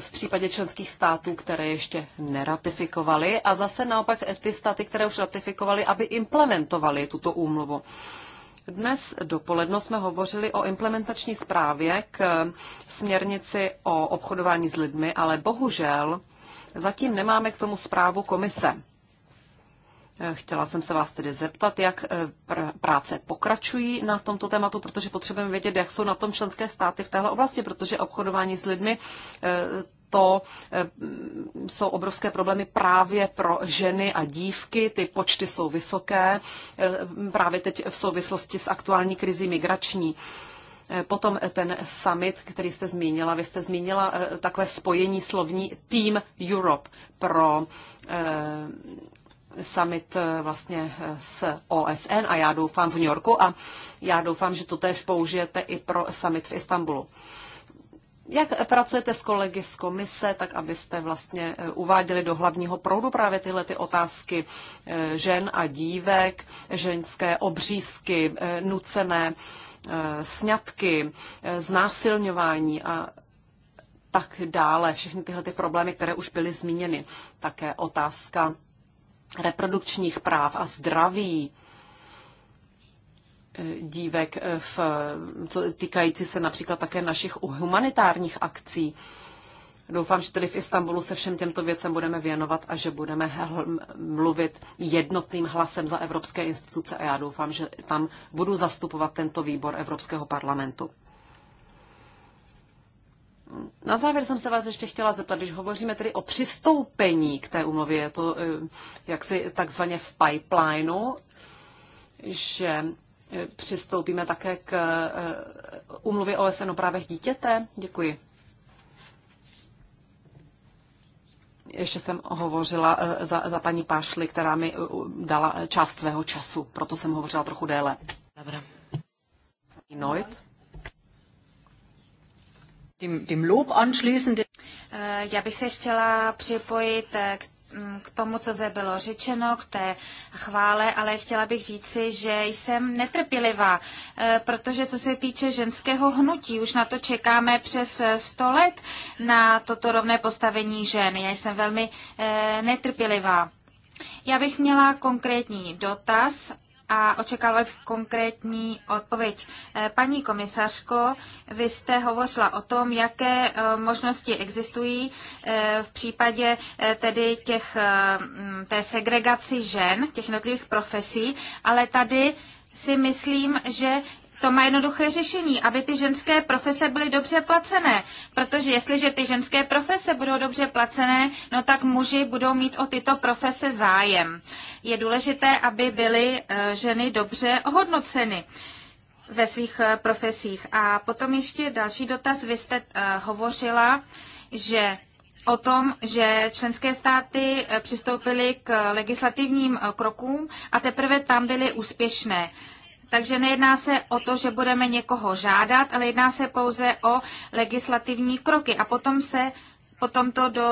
v případě členských států, které ještě neratifikovaly a zase naopak ty státy, které už ratifikovaly, aby implementovaly tuto úmluvu? Dnes dopoledno jsme hovořili o implementační zprávě k směrnici o obchodování s lidmi, ale bohužel zatím nemáme k tomu zprávu komise. Chtěla jsem se vás tedy zeptat, jak eh, pr- práce pokračují na tomto tématu, protože potřebujeme vědět, jak jsou na tom členské státy v téhle oblasti, protože obchodování s lidmi eh, to eh, jsou obrovské problémy právě pro ženy a dívky. Ty počty jsou vysoké eh, právě teď v souvislosti s aktuální krizí migrační. Eh, potom ten summit, který jste zmínila, vy jste zmínila takové spojení slovní Team Europe pro summit vlastně s OSN a já doufám v New Yorku a já doufám, že to též použijete i pro summit v Istanbulu. Jak pracujete s kolegy z komise, tak abyste vlastně e, uváděli do hlavního proudu právě tyhle ty otázky e, žen a dívek, ženské obřízky, e, nucené sňatky, znásilňování a tak dále. Všechny tyhle ty problémy, které už byly zmíněny. Také otázka reprodukčních práv a zdraví dívek eh, v, co týkající se například také našich humanitárních akcí. Doufám, že tedy v Istanbulu se všem těmto věcem budeme věnovat a že budeme mluvit jednotným hlasem za evropské instituce a já doufám, že tam budu zastupovat tento výbor Evropského parlamentu. Na závěr jsem se vás ještě chtěla zeptat, když hovoříme tedy o přistoupení k té umluvě, je to eh, jaksi takzvaně v pipelineu, že přistoupíme také k umluvě eh, OSN o právech dítěte. Děkuji. Ještě jsem hovořila eh, za, za paní Pášli, která mi eh, dala část svého času, proto jsem hovořila trochu déle. Dobrá. Noit. Dem tím lob anschließend. Já bych se chtěla připojit k Mm, k tomu, co zde bylo řečeno, k té chvále, ale chtěla bych říci, že jsem netrpělivá, e, protože co se týče ženského hnutí, už na to čekáme přes 100 let na toto rovné postavení žen. Já jsem velmi e, netrpělivá. Já bych měla konkrétní dotaz a očekávali konkrétní odpověď. Eh, paní komisařko, vy jste hovořila o tom, jaké eh, možnosti existují eh, v případě tedy těch, té segregaci žen, těch jednotlivých profesí, ale tady si myslím, že to má jednoduché řešení, aby ty ženské profese byly dobře placené, protože jestliže ty ženské profese budou dobře placené, no tak muži budou mít o tyto profese zájem. Je důležité, aby byly eh, ženy dobře ohodnoceny ve svých eh, profesích. A potom ještě další dotaz. Vy jste eh, hovořila, že o tom, že členské státy přistoupily k legislativním krokům a teprve tam byly úspěšné. Takže nejedná se o to, že budeme někoho žádat, ale jedná se pouze o legislativní kroky a potom se potom to do,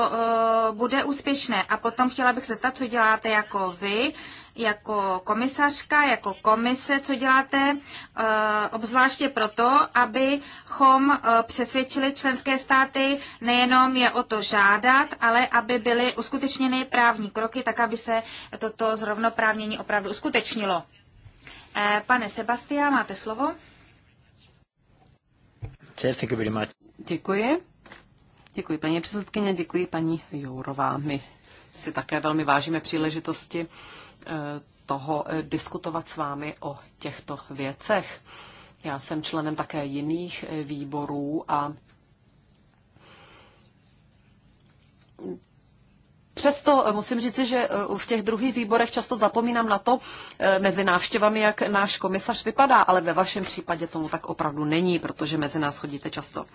uh, bude úspěšné. A potom chtěla bych se zeptat, co děláte jako vy, jako komisařka, jako komise, co děláte, eh, obzvláště proto, abychom eh, přesvědčili členské státy nejenom je o to žádat, ale aby byly uskutečněny právní kroky, tak aby se toto zrovnoprávnění opravdu uskutečnilo. Eh, pane Sebastia, máte slovo. Děkuji. Děkuji paní předsedkyně, děkuji paní Jourová. My si také velmi vážíme příležitosti eh, toho eh, diskutovat s vámi o těchto věcech. Já jsem členem také jiných výborů a Přesto eh, musím říci, že eh, v těch druhých výborech často zapomínám na to eh, mezi návštěvami, jak náš komisař vypadá, ale ve vašem případě tomu tak opravdu není, protože mezi nás chodíte často.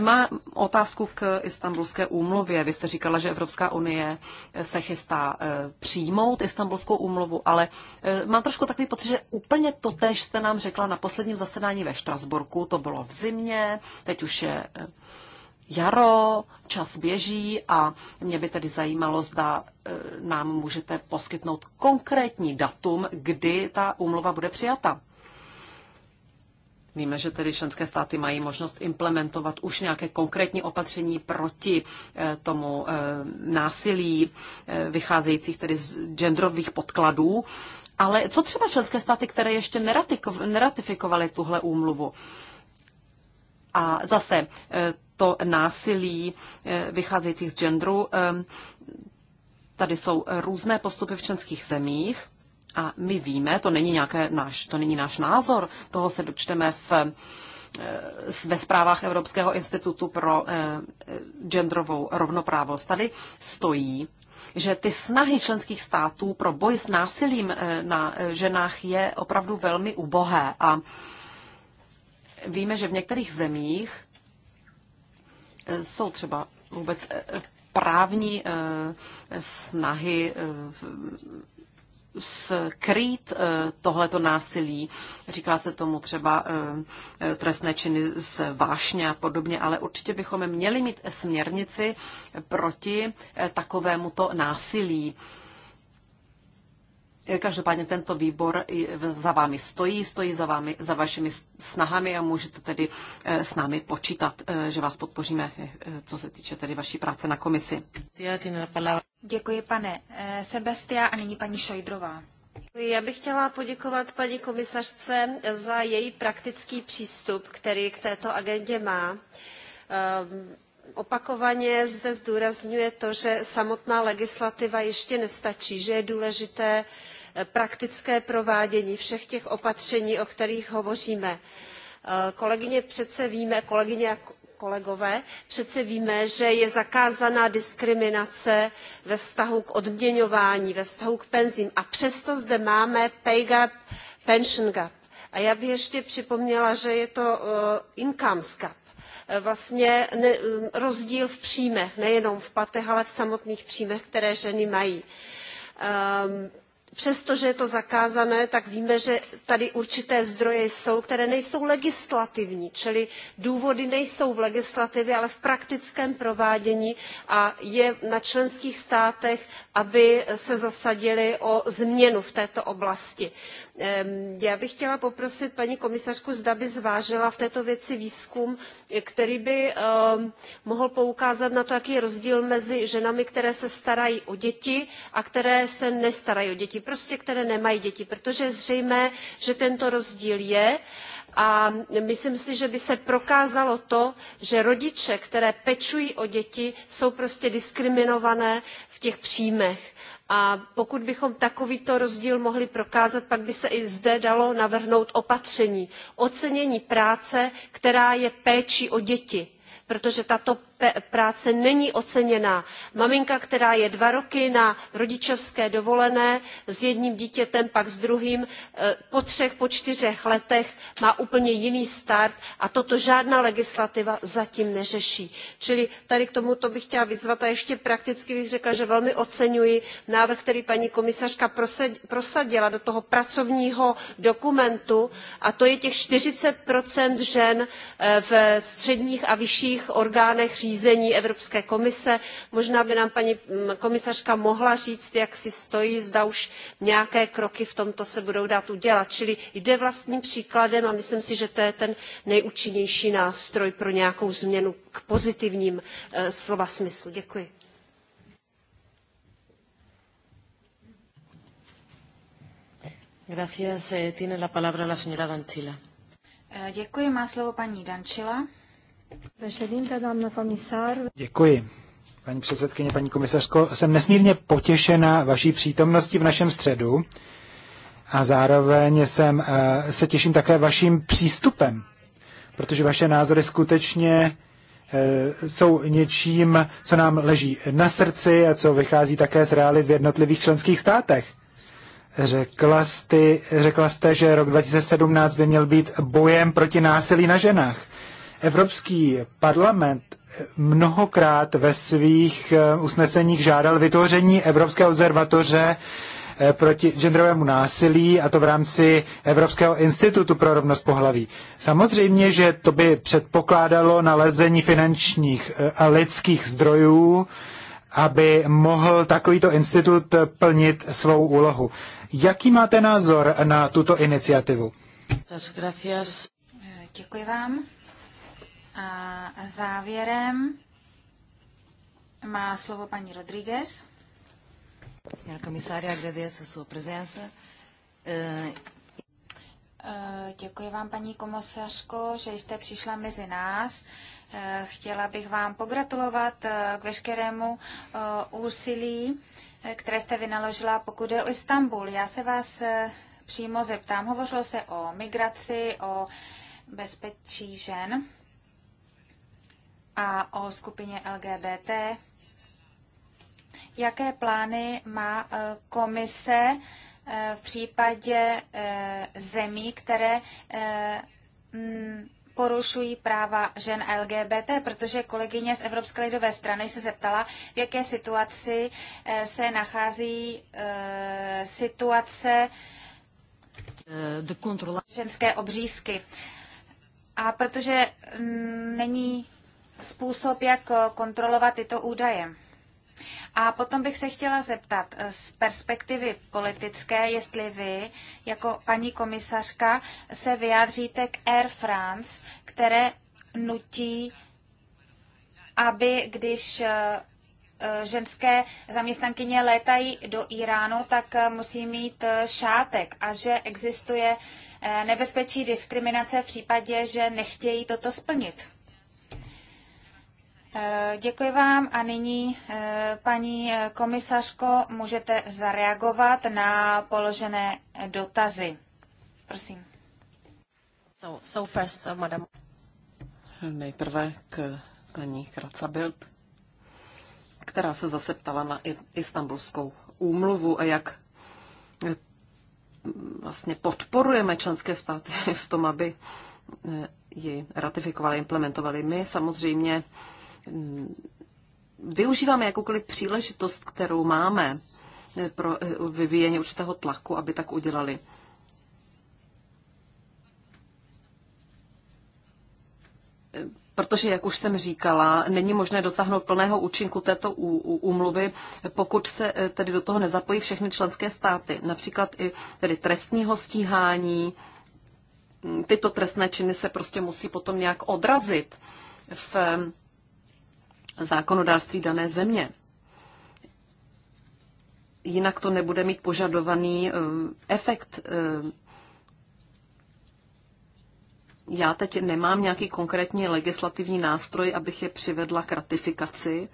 Má otázku k istambulské úmluvě. Vy jste říkala, že Evropská unie se chystá přijmout istambulskou úmluvu, ale mám trošku takový pocit, že úplně to tež jste nám řekla na posledním zasedání ve Štrasburku. To bylo v zimě, teď už je jaro, čas běží a mě by tedy zajímalo, zda e, nám můžete poskytnout konkrétní datum, kdy ta úmluva bude přijata. Víme, že tedy členské státy mají možnost implementovat už nějaké konkrétní opatření proti e, tomu e, násilí vycházejících tedy z genderových podkladů. Ale co třeba členské státy, které ještě neratifikovaly tuhle úmluvu? A zase to násilí eh, vycházející z genderu. Tady jsou různé postupy v členských zemích a my víme, to není, nějaké náš, to není náš názor, toho se dočteme v, eh, ve zprávách Evropského institutu pro eh, genderovou rovnoprávost. Tady stojí, že ty snahy členských států pro boj s násilím na ženách je opravdu velmi ubohé a víme, že v některých zemích jsou třeba vůbec eh, právní eh, snahy eh, skrýt tohleto násilí. Říká se tomu třeba trestné činy z vášně a podobně, ale určitě bychom měli mít směrnici proti takovémuto násilí. Každopádně tento výbor za vámi stojí, stojí za, vámi, za vašimi snahami a můžete tedy eh, s námi počítat, eh, že vás podpoříme, eh, co se týče tedy vaší práce na komisi. Děkuji, pane Sebastia a nyní paní Šojdrová. Já bych chtěla poděkovat paní komisařce za její praktický přístup, který k této agendě má. Ehm, opakovaně zde zdůrazňuje to, že samotná legislativa ještě nestačí, že je důležité uh, praktické provádění všech těch opatření, o kterých hovoříme. Eh, kolegyně přece víme, kolegyně a kolegové, přece víme, že je zakázaná diskriminace ve vztahu k odměňování, ve vztahu k penzím a přesto zde máme pay gap, pension gap. A já bych ještě připomněla, že je to eh, incomes gap eh, vlastně rozdíl v příjmech nejenom v platech ale v samotných příjmech které ženy mají. Ehm, přestože je to zakázané, tak víme, že tady určité zdroje jsou, které nejsou legislativní, čili důvody nejsou v legislativě, ale v praktickém provádění a je na členských státech, aby se zasadili o změnu v této oblasti. Ehm, já bych chtěla poprosit paní komisařku, zda by zvážila v této věci výzkum, který by ehm, mohl poukázat na to, jaký je rozdíl mezi ženami, které se starají o děti a které se nestarají o děti prostě které nemají děti, protože je zřejmé, že tento rozdíl je a myslím si že by se prokázalo to že rodiče kteří pečují o děti jsou prostě diskriminovaní v těch příjmech a pokud bychom takovýto rozdíl mohli prokázat pak by se i zde dalo navrhnout opatření ocenění práce která je péčí o děti protože tato práce není oceněna. Maminka, která je dva roky na rodičovské dovolené s jedním dítětem, pak s druhým, e, po třech, po čtyřech letech má úplně jiný start a toto žádná legislativa zatím neřeší. Čili tady k tomuto bych chtěla vyzvat a ještě prakticky bych řekla, že velmi oceňuji návrh, který paní komisařka prosadila do toho pracovního dokumentu a to je těch 40 žen e, v středních a vyšších orgánech řízení řízení Evropské komise. Možná by nám paní mm, komisařka mohla říct, jak si stojí, zda už nějaké kroky v tomto se budou dát udělat. Čili jde vlastním příkladem a myslím si, že to je ten nejúčinnější nástroj pro nějakou změnu k pozitivním eh, slova smyslu. Děkuji. Gracias. Eh, tiene la palabra la señora Danchila. Eh, děkuji, má slovo paní Dančila. Děkuji. Paní předsedkyně, paní komisařko, jsem nesmírně potěšena vaší přítomností v našem středu a zároveň jsem, eh, se těším také vaším přístupem, protože vaše názory skutečně eh, jsou něčím, co nám leží na srdci a co vychází také z realit v jednotlivých členských státech. Řekla jste, řekla jste, že rok 2017 by měl být bojem proti násilí na ženách. Evropský parlament mnohokrát ve svých eh, usneseních žádal vytvoření Evropské observatoře eh, proti genderovému násilí a to v rámci Evropského institutu pro rovnost pohlaví. Samozřejmě, že to by předpokládalo nalezení finančních eh, a lidských zdrojů, aby mohl takovýto institut plnit svou úlohu. Jaký máte názor na tuto iniciativu? Děkuji vám. A závěrem má slovo paní Rodriguez. Senhora Comissária, agradeço a sua eh, Děkuji vám, paní komisařko, že jste přišla mezi nás. Eh, chtěla bych vám pogratulovat eh, k veškerému úsilí, které jste vynaložila, pokud je o Istanbul. Já se vás přímo zeptám. Hovořilo se o migraci, o bezpečí žen a o skupině LGBT. Jaké plány má e, komise e, v případě e, zemí, které porušují práva žen LGBT, protože kolegyně z Evropské lidové strany se zeptala, v jaké situaci se nachází situace ženské obřízky. A protože není způsob, jak eh, kontrolovat tyto údaje. A potom bych se chtěla zeptat eh, z perspektivy politické, jestli vy, jako paní komisařka, se vyjádříte k Air France, které nutí, aby když eh, ženské zaměstnankyně létají do Iránu, tak musí mít šátek a že existuje nebezpečí diskriminace v případě, že nechtějí toto splnit. Eh, děkuji vám a nyní, eh, paní eh, komisařko, můžete zareagovat na položené dotazy. Prosím. So, so first, uh, madam. Nejprve k paní Kracabild, která se zase ptala na istambulskou úmluvu a jak vlastně podporujeme členské státy v tom, aby ji ratifikovali, implementovali. My samozřejmě využíváme jakoukoliv příležitost, kterou máme eh, pro eh, vyvíjení určitého tlaku, aby tak udělali. Eh, protože, jak už jsem říkala, není možné dosáhnout plného účinku této úmluvy, pokud se tedy do toho nezapojí všechny členské státy. Například i tedy trestního stíhání. Mm, tyto trestné činy se prostě musí potom nějak odrazit v zákonodárství dané země. Jinak to nebude mít požadovaný eh, efekt. Eh. Já teď nemám nějaký konkrétní legislativní nástroj, abych je přivedla k ratifikaci,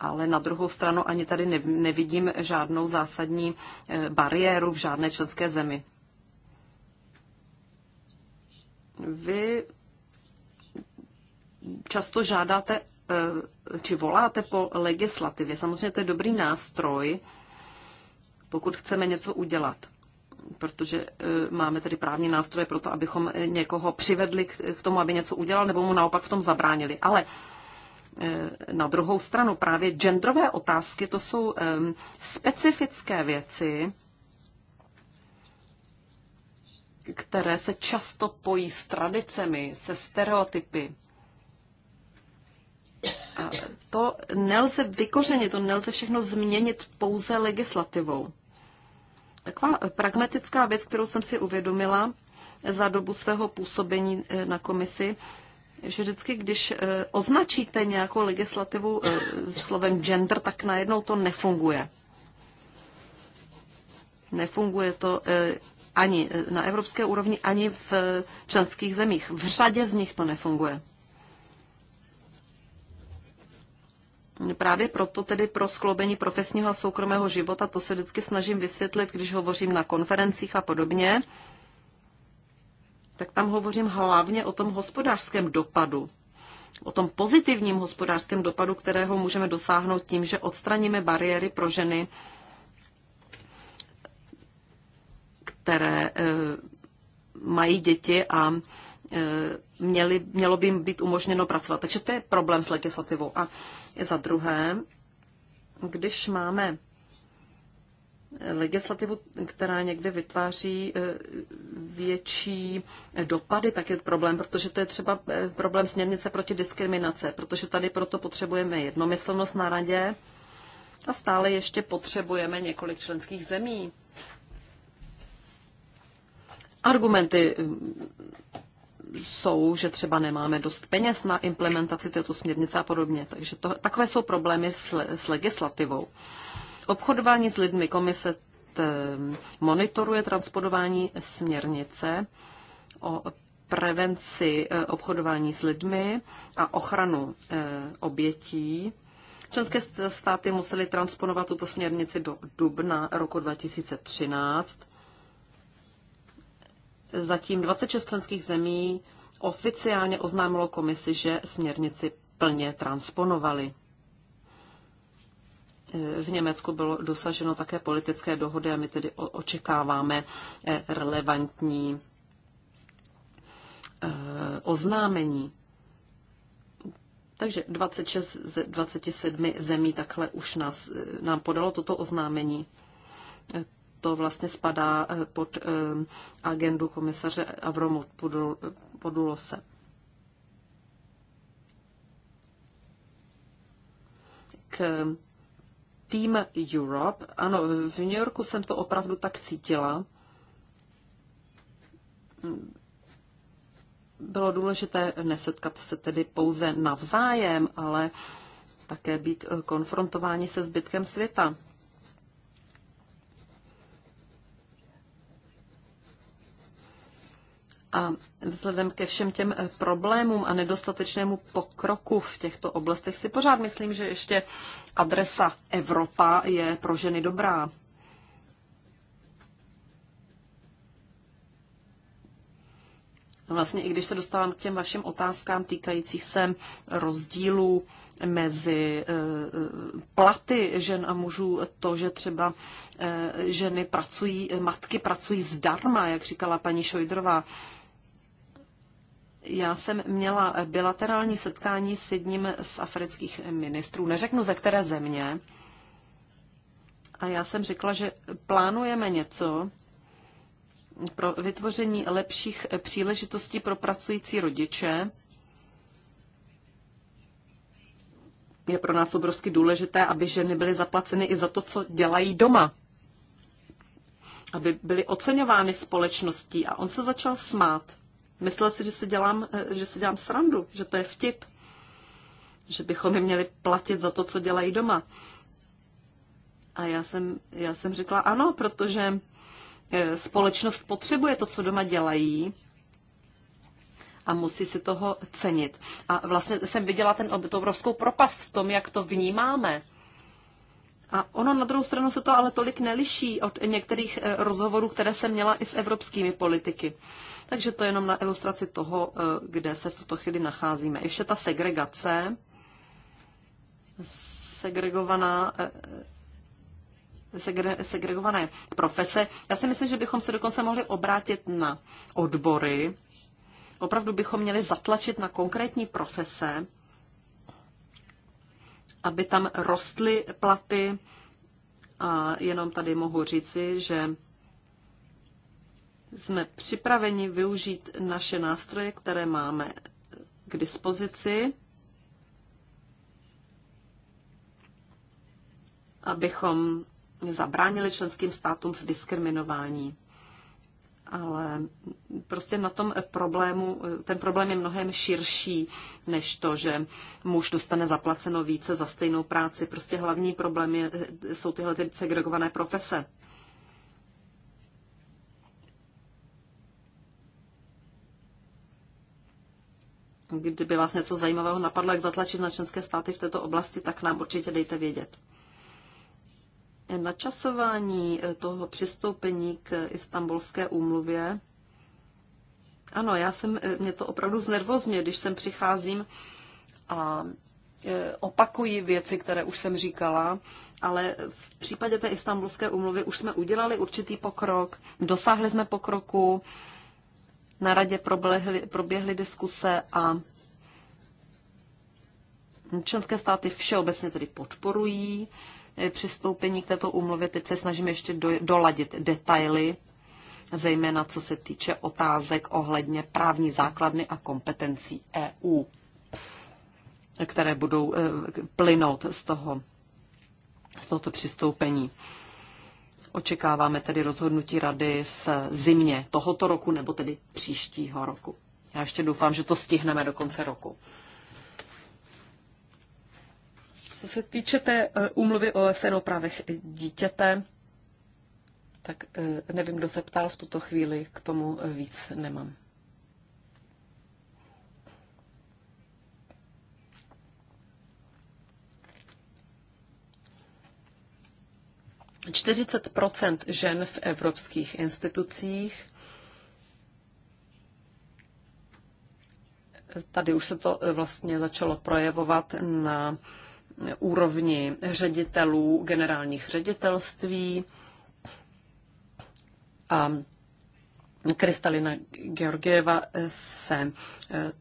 ale na druhou stranu ani tady nevidím žádnou zásadní eh, bariéru v žádné členské zemi. Vy často žádáte eh, či voláte po legislativě. Samozřejmě to je dobrý nástroj, pokud chceme něco udělat, protože eh, máme tedy právní nástroje pro to, abychom eh, někoho přivedli k tomu, aby něco udělal, nebo mu naopak v tom zabránili. Ale na druhou stranu právě genderové otázky, to jsou ehm, specifické věci, které se často pojí s tradicemi, se stereotypy to nelze vykořenit, to nelze všechno změnit pouze legislativou. Taková pragmatická věc, kterou jsem si uvědomila za dobu svého působení eh, na komisi, že vždycky, když eh, označíte nějakou legislativu eh, slovem gender, tak najednou to nefunguje. Nefunguje to ani na evropské úrovni, ani v členských zemích. V řadě z nich to nefunguje. Právě proto tedy pro skloubení profesního a soukromého života, to se vždycky snažím vysvětlit, když hovořím na konferencích a podobně, tak tam hovořím hlavně o tom hospodářském dopadu, o tom pozitivním hospodářském dopadu, kterého můžeme dosáhnout tím, že odstraníme bariéry pro ženy, které eh, mají děti a eh, měli, mělo by jim být umožněno pracovat. Takže to je problém s legislativou. A za druhé, když máme legislativu, která někde vytváří e, větší dopady, tak je problém, protože to je třeba e, problém směrnice proti diskriminace, protože tady proto potřebujeme jednomyslnost na radě a stále ještě potřebujeme několik členských zemí. Argumenty jsou, že třeba nemáme dost peněz na implementaci této směrnice a podobně. Takže to, takové jsou problémy s, s legislativou. Obchodování s lidmi komise t, monitoruje transportování směrnice o prevenci e, obchodování s lidmi a ochranu e, obětí. Členské státy musely transponovat tuto směrnici do dubna roku 2013 Zatím 26 členských zemí oficiálně oznámilo komisi, že směrnici plně transponovali. V Německu bylo dosaženo také politické dohody a my tedy očekáváme eh, relevantní eh, oznámení. Takže 26 z 27 zemí takhle už nás, eh, nám podalo toto oznámení to vlastně spadá eh, pod eh, agendu komisaře Avromu Podulose. K Team Europe, ano, v New Yorku jsem to opravdu tak cítila. Bylo důležité nesetkat se tedy pouze navzájem, ale také být eh, konfrontováni se zbytkem světa. A vzhledem ke všem těm eh, problémům a nedostatečnému pokroku v těchto oblastech si pořád myslím, že ještě adresa Evropa je pro ženy dobrá. Vlastně i když se dostávám k těm vašim otázkám týkajících se rozdílů mezi eh, platy žen a mužů, to, že třeba eh, ženy pracují, matky pracují zdarma, jak říkala paní Šojdrová, já jsem měla bilaterální setkání s jedním z afrických ministrů, neřeknu ze které země, a já jsem řekla, že plánujeme něco pro vytvoření lepších příležitostí pro pracující rodiče. Je pro nás obrovsky důležité, aby ženy byly zaplaceny i za to, co dělají doma. Aby byly oceňovány společností. A on se začal smát. Myslel si, že si dělám, eh, že si dělám srandu, že to je vtip, že bychom je měli platit za to, co dělají doma. A já jsem, já jsem řekla ano, protože eh, společnost potřebuje to, co doma dělají a musí si toho cenit. A vlastně jsem viděla ten, obrovskou propast v tom, jak to vnímáme. A ono na druhou stranu se to ale tolik neliší od některých eh, rozhovorů, které jsem měla i s evropskými politiky. Takže to je jenom na ilustraci toho, eh, kde se v tuto chvíli nacházíme. Ještě ta segregace, segregovaná eh, segregované profese. Já si myslím, že bychom se dokonce mohli obrátit na odbory. Opravdu bychom měli zatlačit na konkrétní profese, aby tam rostly platy. A jenom tady mohu říci, že jsme připraveni využít naše nástroje, které máme k dispozici, abychom zabránili členským státům v diskriminování ale prostě na tom problému, ten problém je mnohem širší, než to, že muž dostane zaplaceno více za stejnou práci. Prostě hlavní problém je, jsou tyhle ty segregované profese. Kdyby vás něco zajímavého napadlo, jak zatlačit na členské státy v této oblasti, tak nám určitě dejte vědět načasování eh, toho přistoupení k istambulské úmluvě. Ano, já jsem, eh, mě to opravdu znervozňuje, když sem přicházím a eh, opakují věci, které už jsem říkala, ale v případě té istambulské úmluvy už jsme udělali určitý pokrok, dosáhli jsme pokroku, na radě proběhly, proběhly diskuse a členské státy všeobecně tedy podporují přistoupení k této úmluvě. Teď se snažím ještě do, doladit detaily, zejména co se týče otázek ohledně právní základny a kompetencí EU, které budou eh, plynout z, toho, z tohoto přistoupení. Očekáváme tedy rozhodnutí rady v zimě tohoto roku nebo tedy příštího roku. Já ještě doufám, že to stihneme do konce roku. Co se týče té e, úmluvy OSN o právech dítěte, tak e, nevím, kdo se ptal v tuto chvíli, k tomu e, víc nemám. Čtyřicet procent žen v evropských institucích. Tady už se to vlastně začalo projevovat na úrovni ředitelů generálních ředitelství a Kristalina Georgieva se eh,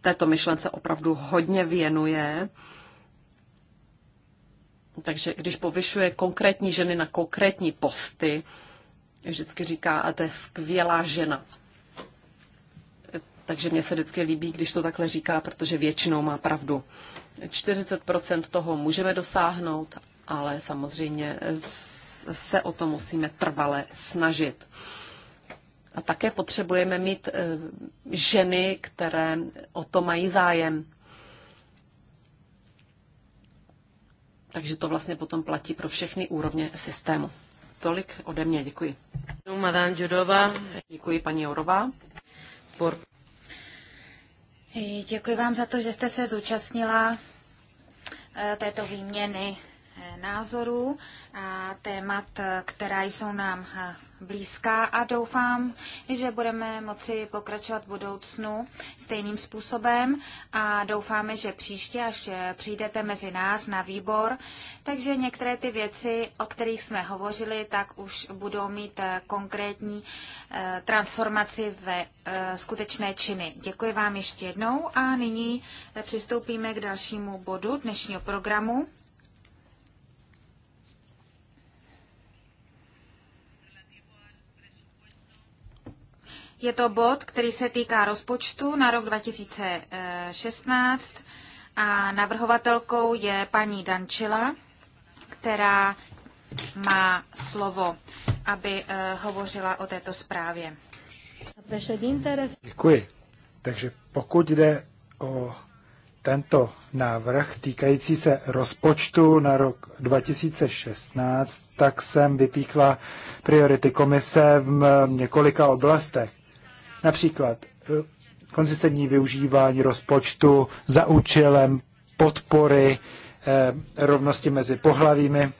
této myšlence opravdu hodně věnuje. Takže když povyšuje konkrétní ženy na konkrétní posty, vždycky říká, a to je skvělá žena. Takže mně se vždycky líbí, když to takhle říká, protože většinou má pravdu. 40 toho můžeme dosáhnout, ale samozřejmě se o to musíme trvale snažit. A také potřebujeme mít eh, ženy, které o to mají zájem. Takže to vlastně potom platí pro všechny úrovně systému. Tolik ode mě, děkuji. Madame Děkuji, paní Jourová. Děkuji vám za to, že jste se zúčastnila eh, této výměny názorů a témat, která jsou nám eh, blízká a doufám, že budeme moci pokračovat v budoucnu stejným způsobem a doufáme, že příště, až eh, přijdete mezi nás na výbor, takže některé ty věci, o kterých jsme hovořili, tak už budou mít eh, konkrétní transformaci ve skutečné činy. Děkuji vám ještě jednou a nyní přistoupíme k dalšímu bodu dnešního programu. Je to bod, který se týká rozpočtu na rok 2016 a navrhovatelkou je paní Dančila, která má slovo, aby eh, hovořila o této zprávě. Děkuji. Takže pokud jde o tento návrh týkající se rozpočtu na rok 2016, tak jsem vypíkla priority komise v několika oblastech. Například eh, konzistentní využívání rozpočtu za účelem podpory eh, rovnosti mezi pohlavími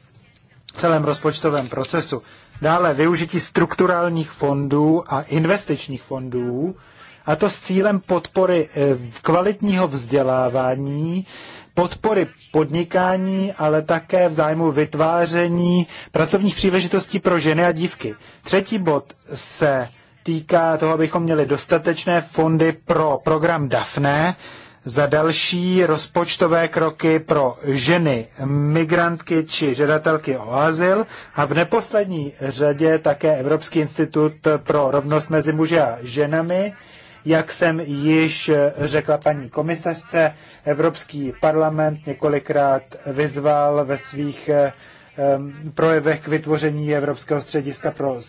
v celém rozpočtovém procesu. Dále využití strukturálních fondů a investičních fondů, a to s cílem podpory eh, kvalitního vzdělávání, podpory podnikání, ale také v zájmu vytváření pracovních příležitostí pro ženy a dívky. Třetí bod se týká toho, abychom měli dostatečné fondy pro program DAFNE, za další rozpočtové kroky pro ženy, migrantky či žadatelky o azyl a v neposlední řadě také Evropský institut pro rovnost mezi muži a ženami. Jak jsem již řekla paní komisařce, Evropský parlament několikrát vyzval ve svých Eh, projevech k vytvoření Evropského střediska pro,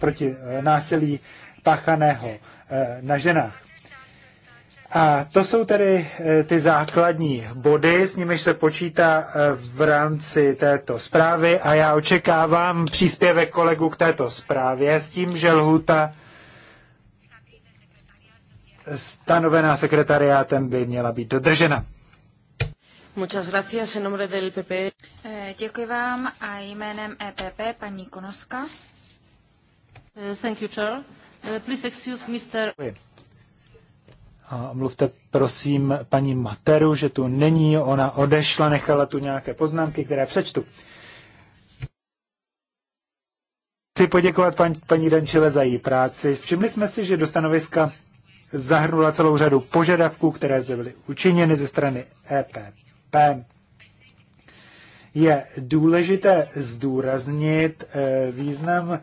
proti eh, násilí páchaného eh, na ženách. A to jsou tedy ty základní body, s nimiž se počítá v rámci této zprávy a já očekávám příspěvek kolegu k této zprávě s tím, že lhuta stanovená sekretariátem by měla být dodržena. Muchas gracias en nombre del PP. Eh, děkuji vám a jménem EPP paní Konoska. Eh, thank you, Chair. Eh, please excuse Mr. A mluvte prosím paní Materu, že tu není, ona odešla, nechala tu nějaké poznámky, které přečtu. Chci poděkovat paní, paní Dančile za její práci. Všimli jsme si, že do stanoviska zahrnula celou řadu požadavků, které zde byly učiněny ze strany EPP. P. Je důležité zdůraznit eh, význam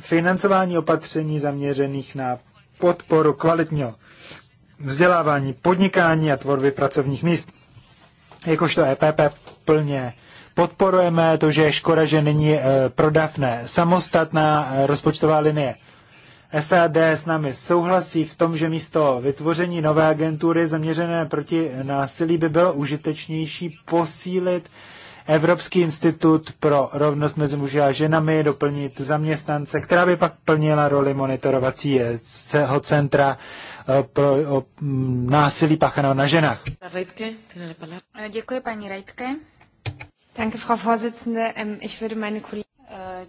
financování opatření zaměřených na podporu kvalitního vzdělávání, podnikání a tvorby pracovních míst. Jakožto EPP plně podporujeme to, že je škoda, že není eh, prodavné samostatná eh, rozpočtová linie SAD s námi souhlasí v tom, že místo vytvoření nové agentury zaměřené proti násilí by bylo užitečnější posílit Evropský institut pro rovnost mezi muži a ženami, doplnit zaměstnance, která by pak plnila roli monitorovacího centra eh, pro mm, násilí páchaného na ženách. Děkuji paní Rejtke. Děkuji, Frau Vorsitzende. Ähm, ich würde meine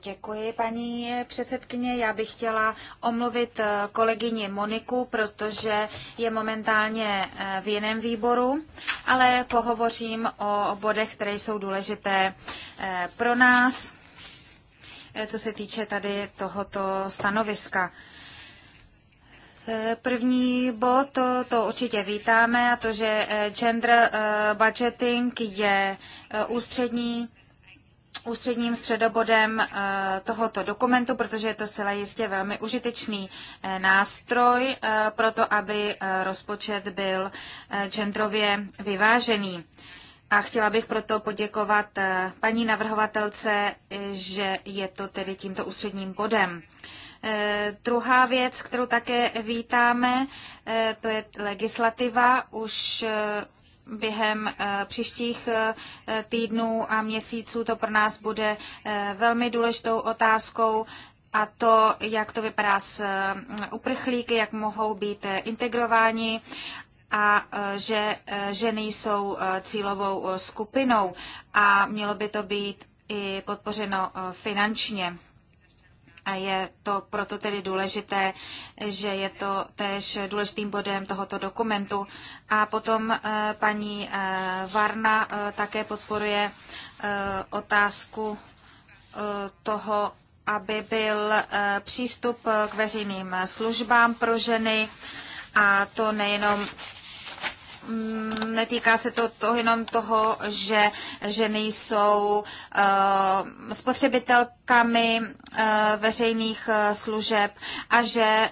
Děkuji, paní předsedkyně. Já bych chtěla omluvit eh, kolegyni Moniku, protože je momentálně eh, v jiném výboru, ale pohovořím o bodech, které jsou důležité eh, pro nás, co se týče tady tohoto stanoviska. První bod, to, to určitě vítáme, a to, že gender budgeting je ústřední ústředním středobodem eh, tohoto dokumentu, protože je to zcela jistě velmi užitečný eh, nástroj eh, pro to, aby rozpočet byl genderově vyvážený. A chtěla bych proto poděkovat paní navrhovatelce, že je to tedy tímto ústředním bodem. Druhá věc, kterou také vítáme, to je legislativa. Už během eh, příštích eh, týdnů a měsíců. To pro nás bude eh, velmi důležitou otázkou a to, jak to vypadá s uprchlíky, jak mohou být integrováni a že ženy jsou cílovou skupinou a mělo by to být i podpořeno finančně. A je to proto tedy důležité, že je to též důležitým bodem tohoto dokumentu. A potom eh, paní eh, Varna eh, také podporuje otázku toho, aby byl přístup k veřejným službám pro ženy a to nejenom Mm, netýká se to, to jenom toho, že ženy jsou uh, spotřebitelkami uh, veřejných uh, služeb a že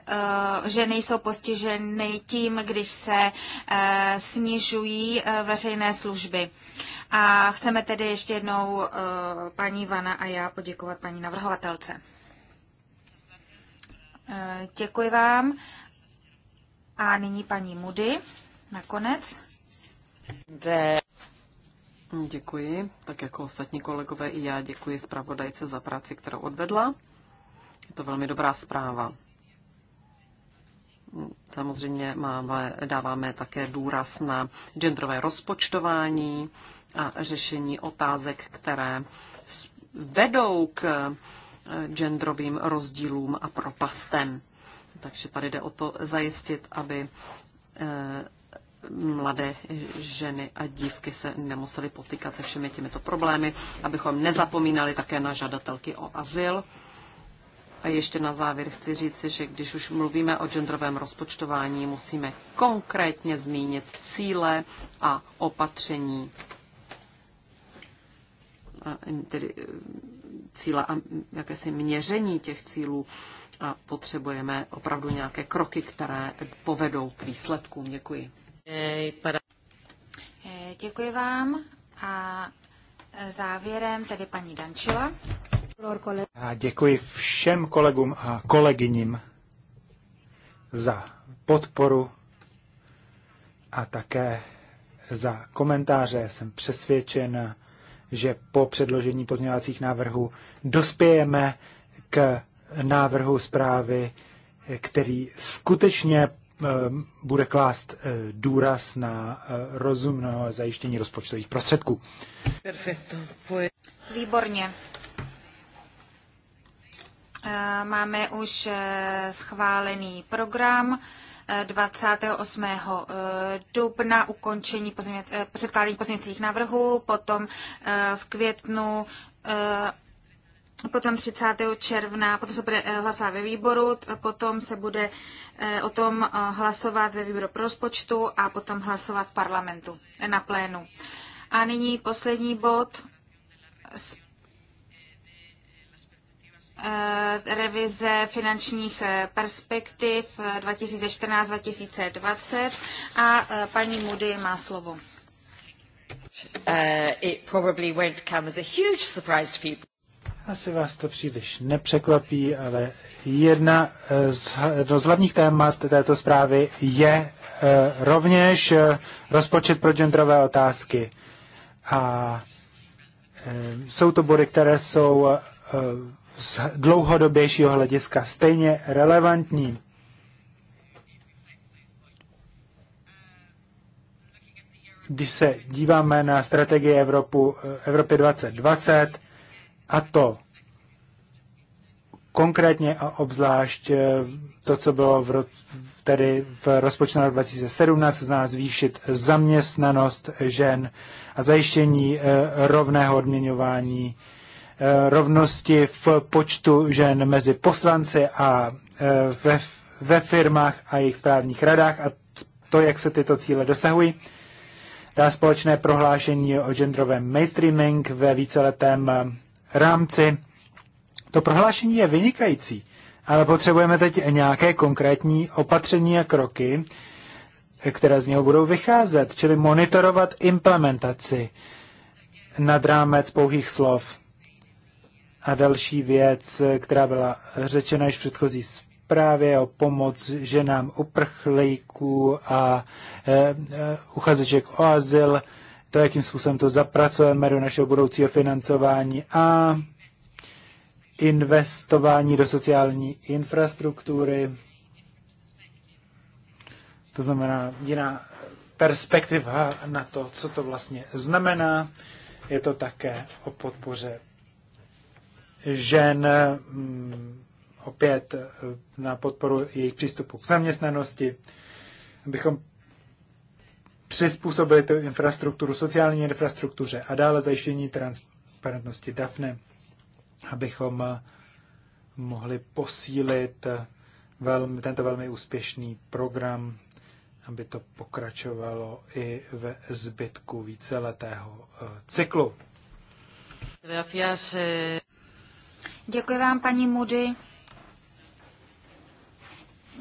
uh, ženy jsou postiženy tím, když se uh, snižují uh, veřejné služby. A chceme tedy ještě jednou uh, paní Vana a já poděkovat paní navrhovatelce. děkuji vám. A nyní paní Mudy nakonec. De... Děkuji. Tak jako ostatní kolegové i já děkuji zpravodajce za práci, kterou odvedla. Je to velmi dobrá zpráva. Samozřejmě máme, dáváme také důraz na genderové rozpočtování a řešení otázek, které vedou k genderovým rozdílům a propastem. Takže tady jde o to zajistit, aby eh, mladé ženy a dívky se nemusely potýkat se všemi těmito problémy, abychom nezapomínali také na žadatelky o azyl. A ještě na závěr chci říct, že když už mluvíme o genderovém rozpočtování, musíme konkrétně zmínit cíle a opatření. A tedy cíle a jakési měření těch cílů a potřebujeme opravdu nějaké kroky, které povedou k výsledkům. Děkuji. Eh, děkuji vám a závěrem tedy paní Dančila. A děkuji všem kolegům a kolegyním za podporu a také za komentáře. Jsem přesvědčen, že po předložení pozměňovacích návrhů dospějeme k návrhu zprávy, který skutečně Ehm, bude klást eh, důraz na eh, rozumné zajištění rozpočtových prostředků. Výborně. Eh, máme už schválený program 28. dubna ukončení předkládání pozměňovacích návrhů, potom v květnu potom 30. června, potom se bude eh, hlasovat ve výboru, potom se bude eh, o tom eh, hlasovat ve výboru pro rozpočtu a potom hlasovat v parlamentu na plénu. A nyní poslední bod revize finančních perspektiv 2014-2020 a paní Mudy má slovo. Uh, it probably won't come as a huge surprise to people. Asi vás to příliš nepřekvapí, ale jedna z, do z hlavních témat této zprávy je e, rovněž e, rozpočet pro genderové otázky. A e, jsou to body, které jsou e, z dlouhodobějšího hlediska stejně relevantní. Když se díváme na strategii Evropu, e, Evropy 2020, a to konkrétně a obzvlášť eh, to, co bylo v, tedy v rozpočtu na 2017, zná zvýšit zaměstnanost žen a zajištění eh, rovného odměňování, eh, rovnosti v počtu žen mezi poslanci a ve, ve firmách a jejich správních radách a to, jak se tyto cíle dosahují. Dá společné prohlášení o genderovém mainstreaming ve víceletém rámci. To prohlášení je vynikající, ale potřebujeme teď nějaké konkrétní opatření a kroky, které z něho budou vycházet, čili monitorovat implementaci nad rámec pouhých slov. A další věc, která byla řečena již v předchozí zprávě o pomoc ženám uprchlíků a e, e, uchazeček o azyl, e, to, jakým způsobem to zapracujeme do našeho budoucího financování a investování do sociální infrastruktury. To znamená jiná perspektiva na to, co to vlastně znamená. Je to také o podpoře žen, mm, opět e, na podporu jejich přístupu k zaměstnanosti, abychom přizpůsobili tu infrastrukturu sociální infrastruktuře a dále zajištění transparentnosti DAFNE, abychom eh, mohli posílit eh, velmi, tento velmi úspěšný program, aby to pokračovalo i ve zbytku víceletého eh, cyklu. Děkuji vám, paní Mudy.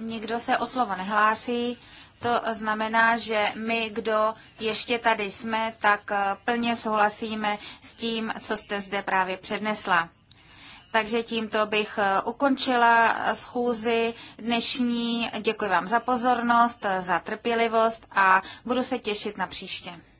Nikdo se o slovo nehlásí. To znamená, že my, kdo ještě tady jsme, tak eh, plně souhlasíme s tím, co jste zde právě přednesla. Takže tímto bych eh, ukončila eh, schůzi dnešní. Děkuji vám za pozornost, za trpělivost a budu se těšit na příště.